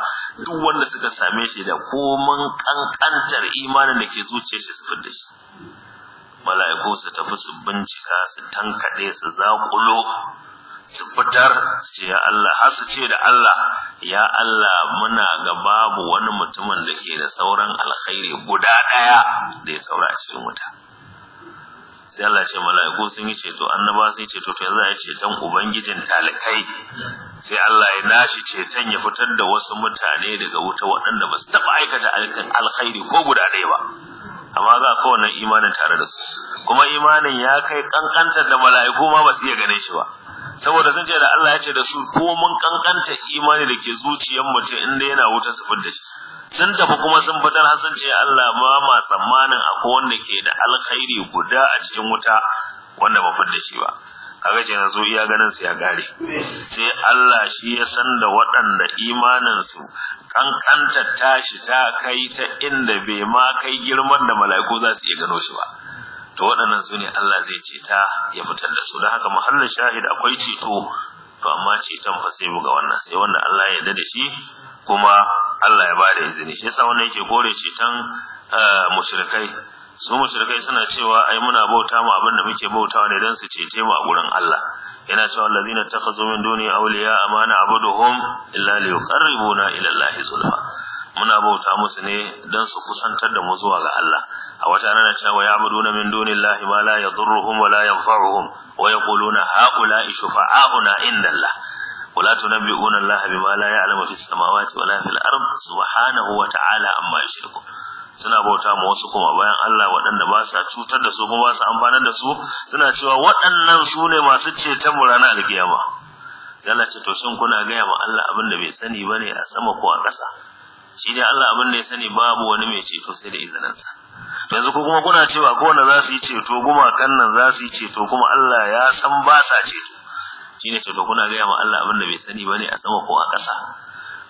duk wanda suka same shi da komin kankantar imanin da ke zuce shi su fidda shi mala'iku su tafi su bincika su tankade su zakulo su fitar su ce ya Allah har su ce da Allah ya Allah muna ga babu wani mutumin da ke da sauran alkhairi guda ɗaya da ya saura a cikin wuta sai Allah ce mala'iku sun yi ceto annaba sun yi ceto to yanzu a yi ceton ubangijin talikai sai Allah ya nashi ceton ya fitar da wasu mutane daga wuta waɗanda ba su taba aikata alkan alkhairi ko guda ɗaya ba amma za ka wannan imanin tare da su kuma imanin ya kai kankantar da mala'iku ma ba su iya ganin shi ba saboda sun ce da Allah ya ce da su ko mun kankanta imani da ke zuciyar mutum inda yana wuta su fidda shi sun tafi kuma sun fitar har sun ce Allah ba ma tsammanin akwai wanda ke da alkhairi guda a cikin wuta wanda ba fidda shi ba kaga ce zo iya ganin su ya gare sai Allah shi ya san da waɗanda imanin su kankanta tashi ta kai ta inda bai ma kai girman da mala'iku za su iya gano shi ba to waɗannan su ne Allah zai ce ta ya fitar da su don haka muhallin shahid akwai ceto to amma ceton fa sai buga wannan sai wanda Allah ya yarda da shi kuma Allah ya bada izini shi yasa wannan yake gore ce tan eh, mushrikai su mushrikai suna cewa ai muna bauta mu abin da muke bautawa ne dan su cece mu a gurin Allah yana cewa allazina takhazu min duni awliya amana abuduhum illa liyuqarribuna ila allahi zulfa muna bauta musu ne dan su kusantar da mu zuwa ga Allah a wata rana cewa ya abuduna min dunillahi ma la yadhurruhum wa la yanfa'uhum wa yaquluna haula'i shufa'auna indallah wala tunabbi'una Allah bima la ya'lamu fis samawati wala fil ard subhanahu wa ta'ala amma suna bauta ma wasu kuma bayan Allah waɗanda ba sa cutar da su kuma ba sa amfanar da su suna cewa waɗannan su ne masu ceton mu ranar alkiyama sai Allah ce to shin kuna gaya ma Allah abin da bai sani bane a sama ko a ƙasa shi dai Allah abin da ya sani babu wani mai ceto sai da izininsa yanzu ko kuma kuna cewa ko wanda za su yi ceto gumakan nan za su yi ceto kuma Allah ya san ba sa ceto shine ce to kuna gaya ma Allah abin da bai sani bane a sama ko a ƙasa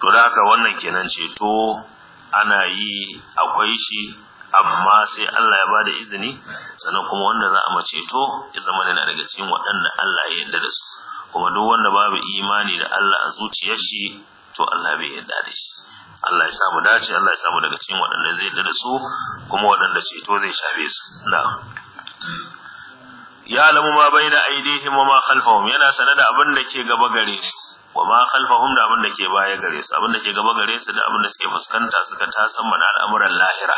to da haka wannan kenan ceto ana yi akwai shi amma sai Allah ya bada izini sannan kuma wanda za a mace to ya zama yana daga cikin waɗanda Allah ya yarda da su kuma duk wanda babu imani da Allah a zuciyar shi to Allah bai yarda da shi Allah ya samu dace Allah ya samu daga cikin waɗanda zai yarda da su kuma waɗanda ceto zai shafe su na'am ya alamu ma bai da aidihim wa ma khalfahum yana sanar da abin da ke gaba gare su wa ma khalfahum da abin da ke baya gare su abin da ke gaba gare su da abin da suke fuskanta suka tasan mana al'amuran lahira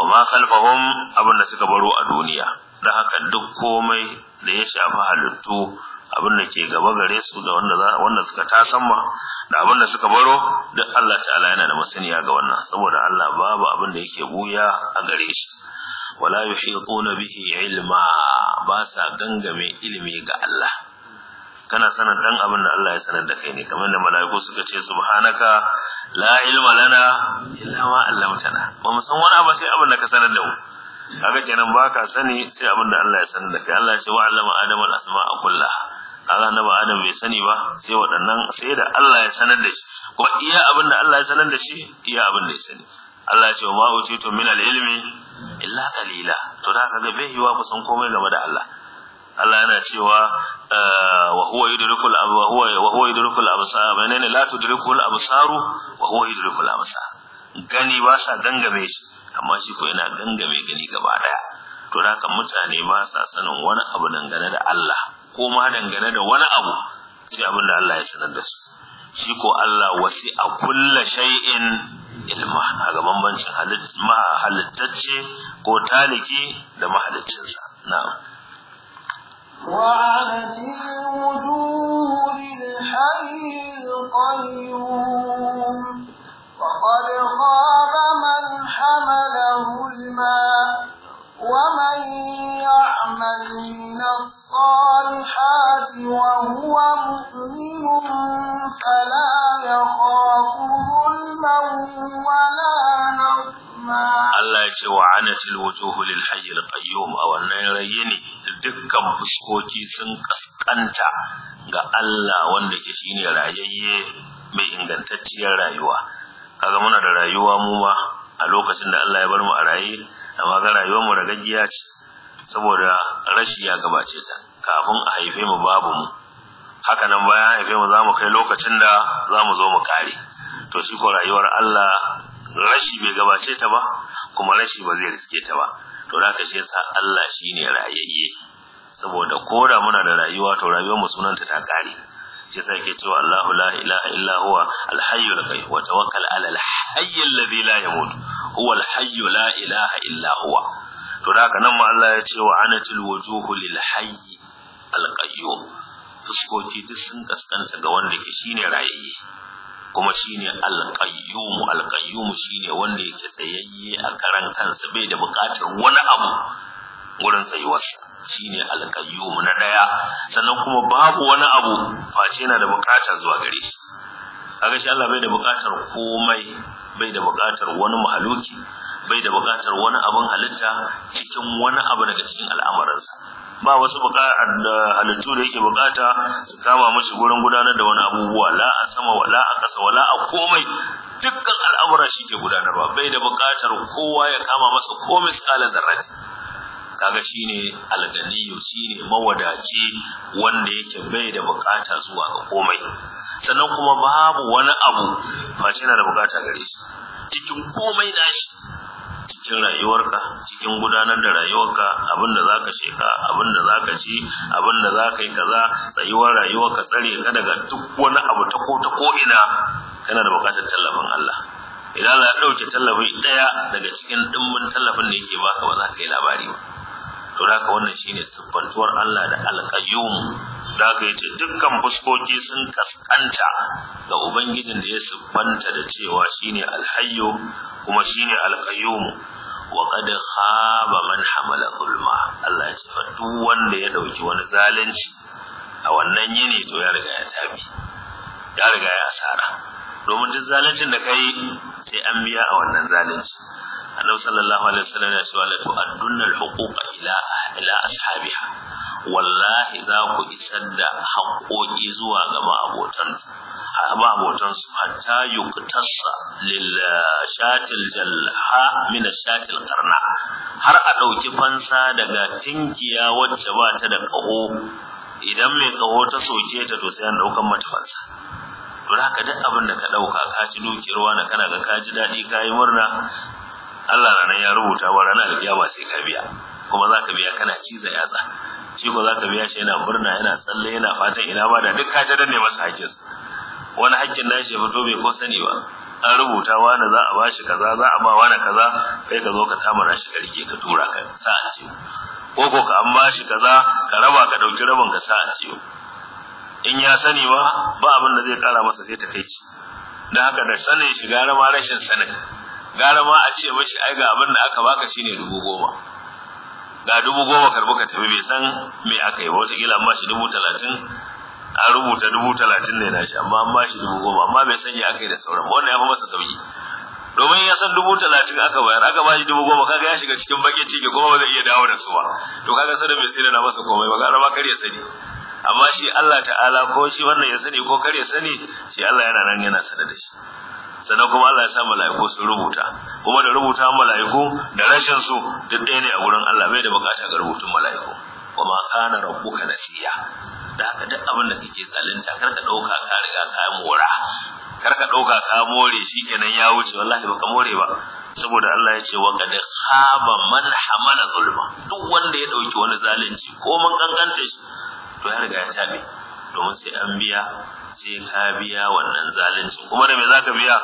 wa ma khalfahum abin da suka baro a duniya da haka duk komai da ya shafi halittu abin da ke gaba gare su da wanda wanda suka tasan ma da abin da suka baro duk Allah ta'ala yana da masaniya ga wannan saboda Allah babu abin da yake buya a gare shi wala yuhituna bihi ilma ba sa gangame ilimi ga Allah kana sanar dan abin da Allah ya sanar da kai ne kamar da mala'iku suka ce subhanaka la ilma lana illa ma 'allamtana ba mu san wani abu sai abin da ka sanar da mu kaga kenan baka sani sai abin da Allah ya sanar da kai Allah ya ce wa 'allama adama al-asma'a kullaha kaga annabi adam bai sani ba sai waɗannan sai da Allah ya sanar da shi kuma iya abin da Allah ya sanar da shi iya abin da ya sani Allah ya ce ma utitu min al-ilmi illa qalila to da kaga bai yiwa ku san komai game da Allah Allah yana cewa eh, wa huwa yudrikul wa huwa wa huwa yudrikul absar menene la tudrikul absaru wa huwa yudrikul absar gani ba sa gangame shi amma shi ko yana gangame gani gaba daya to da kan mutane ba sa sanin wani abu dangane da Allah ko ma dangane da wani abu sai abin da Allah ya sanar da su shi ko Allah wasi a kullu shay'in ilman ga bambancin halittacce ko taliki da mahaliccinsa na'am وعنت الوجوه للحي القيوم وقد خاب من حمله الماء ومن يعمل من الصالحات وهو مؤمن فلا يخافون Allah ya ce wa anatil wujuhu lil hayy al qayyum a wannan raye ne dukkan fuskoki sun kaskanta ga Allah wanda ke shine rayayye mai ingantacciyar rayuwa kaga muna da rayuwa mu ma a lokacin da Allah ya bar mu a rayi amma ga rayuwar mu gajiya ce saboda rashi ya gabace ta kafin a haife mu babu mu haka nan bayan haife mu zamu kai lokacin da zamu zo mu kare to shi ko rayuwar Allah rashi bai gabace ta ba kuma rashi ba zai riske ta ba to da ka shi sa, Allah shine rayayye saboda ko koda muna da rayuwa to rayuwar mu sunanta ta kare shi sai ke cewa Allahu la ilaha illa huwa al-hayyul qayyum wa tawakkal 'ala al-hayy alladhi la yamut huwa al-hayy la ilaha illa huwa to da ka nan ma Allah ya ce wa anatil wujuhu lil hayy al fuskoki duk sun kaskanta ga wanda ke shine rayayye kuma shine al-qayyum al-qayyum shine wanda yake tsayayye a karan kansa bai da bukatar wani abu gurin tsayuwarsa shine al-qayyum na daya sannan kuma babu wani abu face yana da bukatar zuwa gare shi kaga shi Allah bai da bukatar komai bai da bukatar wani mahaluki bai da bukatar wani abin halitta cikin wani abu daga cikin al'amuransa ba wasu halittu da yake bukata su kama mashi gurin gudanar da wani abubuwa la a sama wala a kasa wala a komai dukkan al'amura shi ke gudanarwa bai da bukatar kowa ya kama masa komai tsala zarrati kaga shine alganiyu shine mawadaci wanda yake bai da bukata zuwa ga komai sannan kuma babu wani abu face na da bukata gare shi cikin komai shi. cikin rayuwarka cikin gudanar da rayuwarka abin da zaka sheka abin da zaka ci abin da zaka yi kaza tsayuwar rayuwarka tsare ka daga duk wani abu ta ko ta ko ina kana da bukatar tallafin Allah idan Allah ya dauke tallafi daya daga cikin dimbin tallafin da yake baka ba za ka yi labari ba to da ka wannan shine sifantuwar Allah da alqayyum da ka yace dukkan fuskoki sun kaskanta ga ubangijin da ya sifanta da cewa shine alhayyu kuma shine alqayyum wa kada khaba man hamala zulma Allah ya ce fa duk wanda ya dauki wani zalunci a wannan yini to ya riga ya tafi ya riga ya asara domin duk zaluncin da kai sai an biya a wannan zalunci annabi sallallahu alaihi wasallam ya cewa la tu'addunna al ila ila ashabiha wallahi za ku isar da haƙoƙi zuwa ga ba abotan su hatta yuqtassa lil shatil jalha min shatil qarna har a dauki fansa daga tinkiya wacce ba ta da kaho idan mai kaho ta soke ta to sai an daukan mata fansa to haka duk abin da ka dauka ka ci dukiyar wani kana ga ka ji daɗi ka yi murna Allah na nan ya rubuta wa ranar alkiyama sai ka biya kuma za ka biya kana ciza yatsa shi ko za ka biya shi yana murna yana tsalle yana fatan ina ba da duk ka ta danne masa hakkin wani hakkin nashi ya fito bai ko sani ba an rubuta wa wani za a bashi kaza za a ba wa wani kaza kai ka zo ka tamara shi ka ka tura ka sa a ce ko ko ka an bashi kaza ka raba ka dauki rabon ka sa a ce in ya sani ba ba abin da zai kara masa sai ta kai ci don haka da sanin shiga rama rashin sanin gara ma a ce mashi ai ga abin da aka baka shine dubu goma ga dubu goma karbu ka tafi bai san me aka yi ba wataƙila an bashi dubu talatin an rubuta dubu talatin ne na shi amma an bashi dubu goma amma bai san ya aka yi da sauran ba wannan ya fi masa sauki domin ya san dubu talatin aka bayar aka bashi dubu goma kaga ya shiga cikin bakin ciki kuma ba zai iya dawo da su ba to kaga sanin bai sai na masa komai ba gara ma kar ya sani amma shi Allah ta'ala ko shi wannan ya sani ko kar ya sani shi Allah yana nan yana sanar da shi sannan kuma Allah ya sa mala'iku sun rubuta kuma da rubuta mala'iku da rashin su duk ɗaya ne a gurin Allah bai da bukata ga rubutun mala'iku kuma kana rabbuka nasiya da haka duk abin da kake zalunta kar ka ɗauka ka riga ka mora kar ka dauka ka more shikenan ya wuce wallahi baka more ba saboda Allah ya ce wa qad khaba man hamala zulma duk wanda ya dauki wani zalunci ko mun kankanta shi to ya riga ya tabe domin sai an biya ce ka biya wannan zalunci kuma da me zaka biya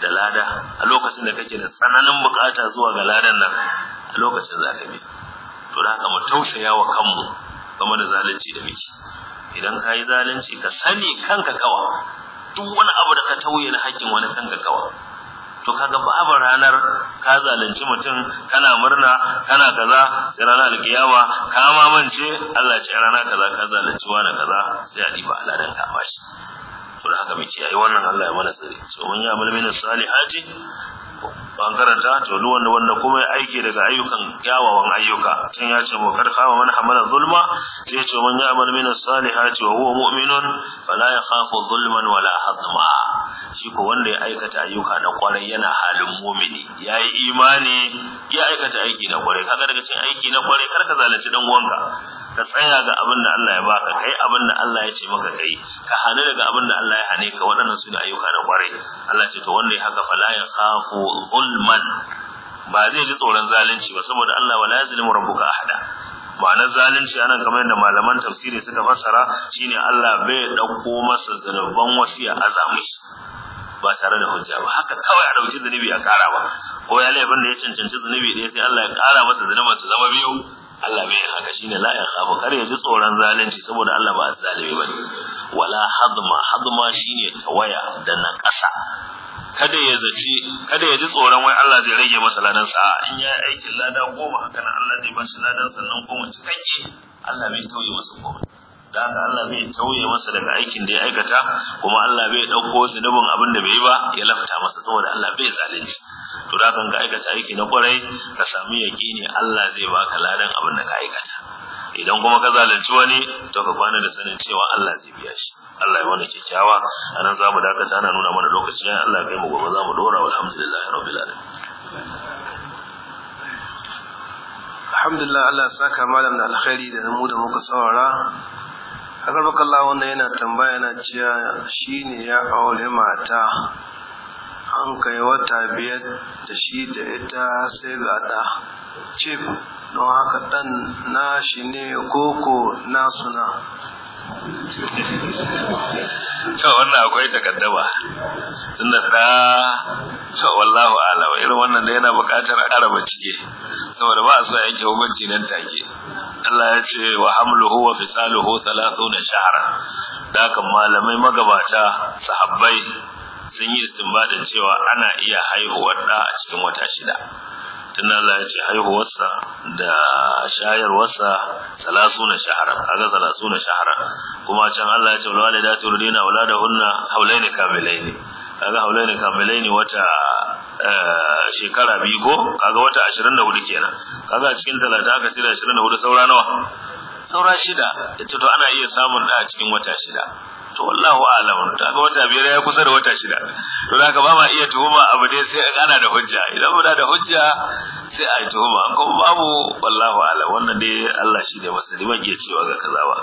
da lada a lokacin da kake da tsananin bukata zuwa ga ladan nan a lokacin zaka biya to da haka mu tausaya wa kanmu game da zalunci da muke idan ka yi zalunci ka sani kanka kawa duk wani abu da ka tauye na hakkin wani kanka kawa to kaga babu ranar ka zalunci mutum kana murna kana kaza sai rana alkiyama ka ma mance Allah ce rana kaza ka zalunci wani kaza sai a diba aladan ka bashi to da haka muke yi wannan Allah ya mana tsari so mun ya amal min salihati an karanta to duk wanda wanda kuma ya aike daga ayyukan yawawan ayyuka tun ya ce mu karkama man hamala zulma sai ya ce mun ya amal min salihati wa huwa mu'minun fala yakhafu zulman wala hadma shi ko wanda ya aikata ayyuka na kwarai yana halin mumini yayi imani ya aikata aiki na kwarai kaga daga cikin aiki na kwarai kar ka zalunci dan uwanka ka tsaya ga abin da Allah ya baka kai abin da Allah ya ce maka kai ka hanu daga abin da Allah ya hane ka waɗannan su ne ayyuka na kwarai Allah ce to wanda ya haka fala ya khafu zulman ba zai ji tsoron zalunci ba saboda Allah wala yazlimu rabbuka ahada ma'anar zalunci anan kamar yadda malaman tafsiri suka fassara shine Allah bai dauko masa zanuban wasiya azami ba tare da hujja ba haka kawai a dauki zanubi a kara ba ko ya laifin da ya cancanci zanubi ɗaya sai Allah ya kara masa zanubin su zama biyu Allah bai haka shine la ya khafu kar ya ji tsoron zalunci saboda Allah ba ba bane wala hadma hadma shine tawaya da na ƙasa kada ya zaci kada ya ji tsoron wai Allah zai rage masa ladan sa in ya aikin lada goma haka nan Allah zai ba shi ladan sannan goma cikakke Allah bai tauye masa komai da haka Allah bai tauye masa daga aikin da ya aikata kuma Allah bai dauko zunubin abin da bai yi ba ya lafta masa saboda Allah bai zalunci to da kan ka aikata aiki na kwarai ka samu yakini Allah zai baka ladan abin da ka aikata idan kuma ka zalunci wani to ka kwana da sanin cewa Allah zai biya shi Allah ya wani kyakkyawa anan zamu dakata ana nuna mana lokaci ya Allah kai mu gobe zamu dora walhamdulillahi rabbil alamin alhamdulillah Allah saka malam da alkhairi da mu da muka saurara haka baka wanda yana tambaya yana cewa shine ya aure mata an kai wata biyar da shi da ita sai ga ɗa cif don haka ɗan nashi ne koko na suna. to wannan akwai takaddama tunda da to wallahu alam irin wannan da yana buƙatar ƙara bincike saboda ba a so a yanke hukunci nan take Allah ya ce wa hamluhu wa fisaluhu 30 shahra da kan malamai magabata sahabbai sun yi istinbadin cewa ana iya haihuwar da a cikin wata shida tunda Allah ya ce haihuwarsa da shayarwarsa salasu na shaharan kaga salasu na shahara? kuma can Allah ya ce wala da ta rudina wala da hunna haulaini kamilaini kaga haulaini kamilaini wata eh, shekara biyu ko kaga wata 24 kenan kaga cikin 30 aka cire 24 saura nawa saura shida ita to ana iya samun da a cikin wata shida to wallahu a'lam ta ga wata biyar ya kusa da wata shida to da ka ba ma iya tuhuma abu dai sai an ana da hujja idan muna da hujja sai a yi tuhuma ko babu wallahu a'lam wannan dai Allah shi da masani ban iya cewa ga kaza ba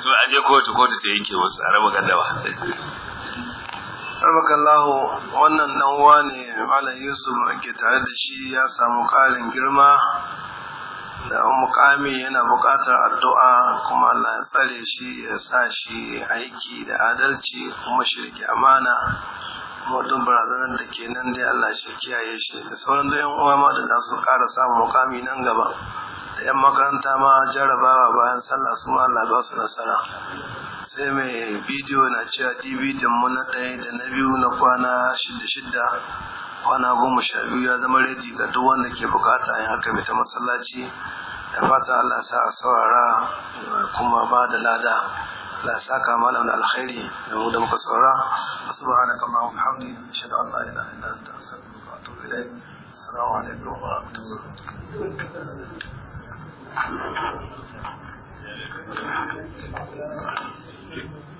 to a je kotu kotu ta yanke musu a raba ganda gaddaba Allah wannan dan uwa Malam Yusuf ke tare da shi ya samu karin girma da mukami yana buƙatar addu'a kuma Allah ya tsare shi ya sa shi aiki da adalci kuma shirki amana kuma duk barazanar da ke nan dai Allah shi kiyaye shi da sauran da uwa ma da za su ƙara samun mukami nan gaba da yan makaranta ma jarabawa bayan sallah su Allah ba su nasara sai mai bidiyo na cewa dvd mu na ɗaya da na biyu na kwana shidda shidda kwana goma sha biyu ya zama reji ga duk wanda ke bukata in aka bi ta masallaci da fata Allah sa a saurara kuma ba da lada Allah sa ka malam da alkhairi da mu da muka saura subhanaka allahumma hamdi ashhadu an la ilaha illa anta astaghfiruka wa atubu ilayk assalamu alaikum wa rahmatullah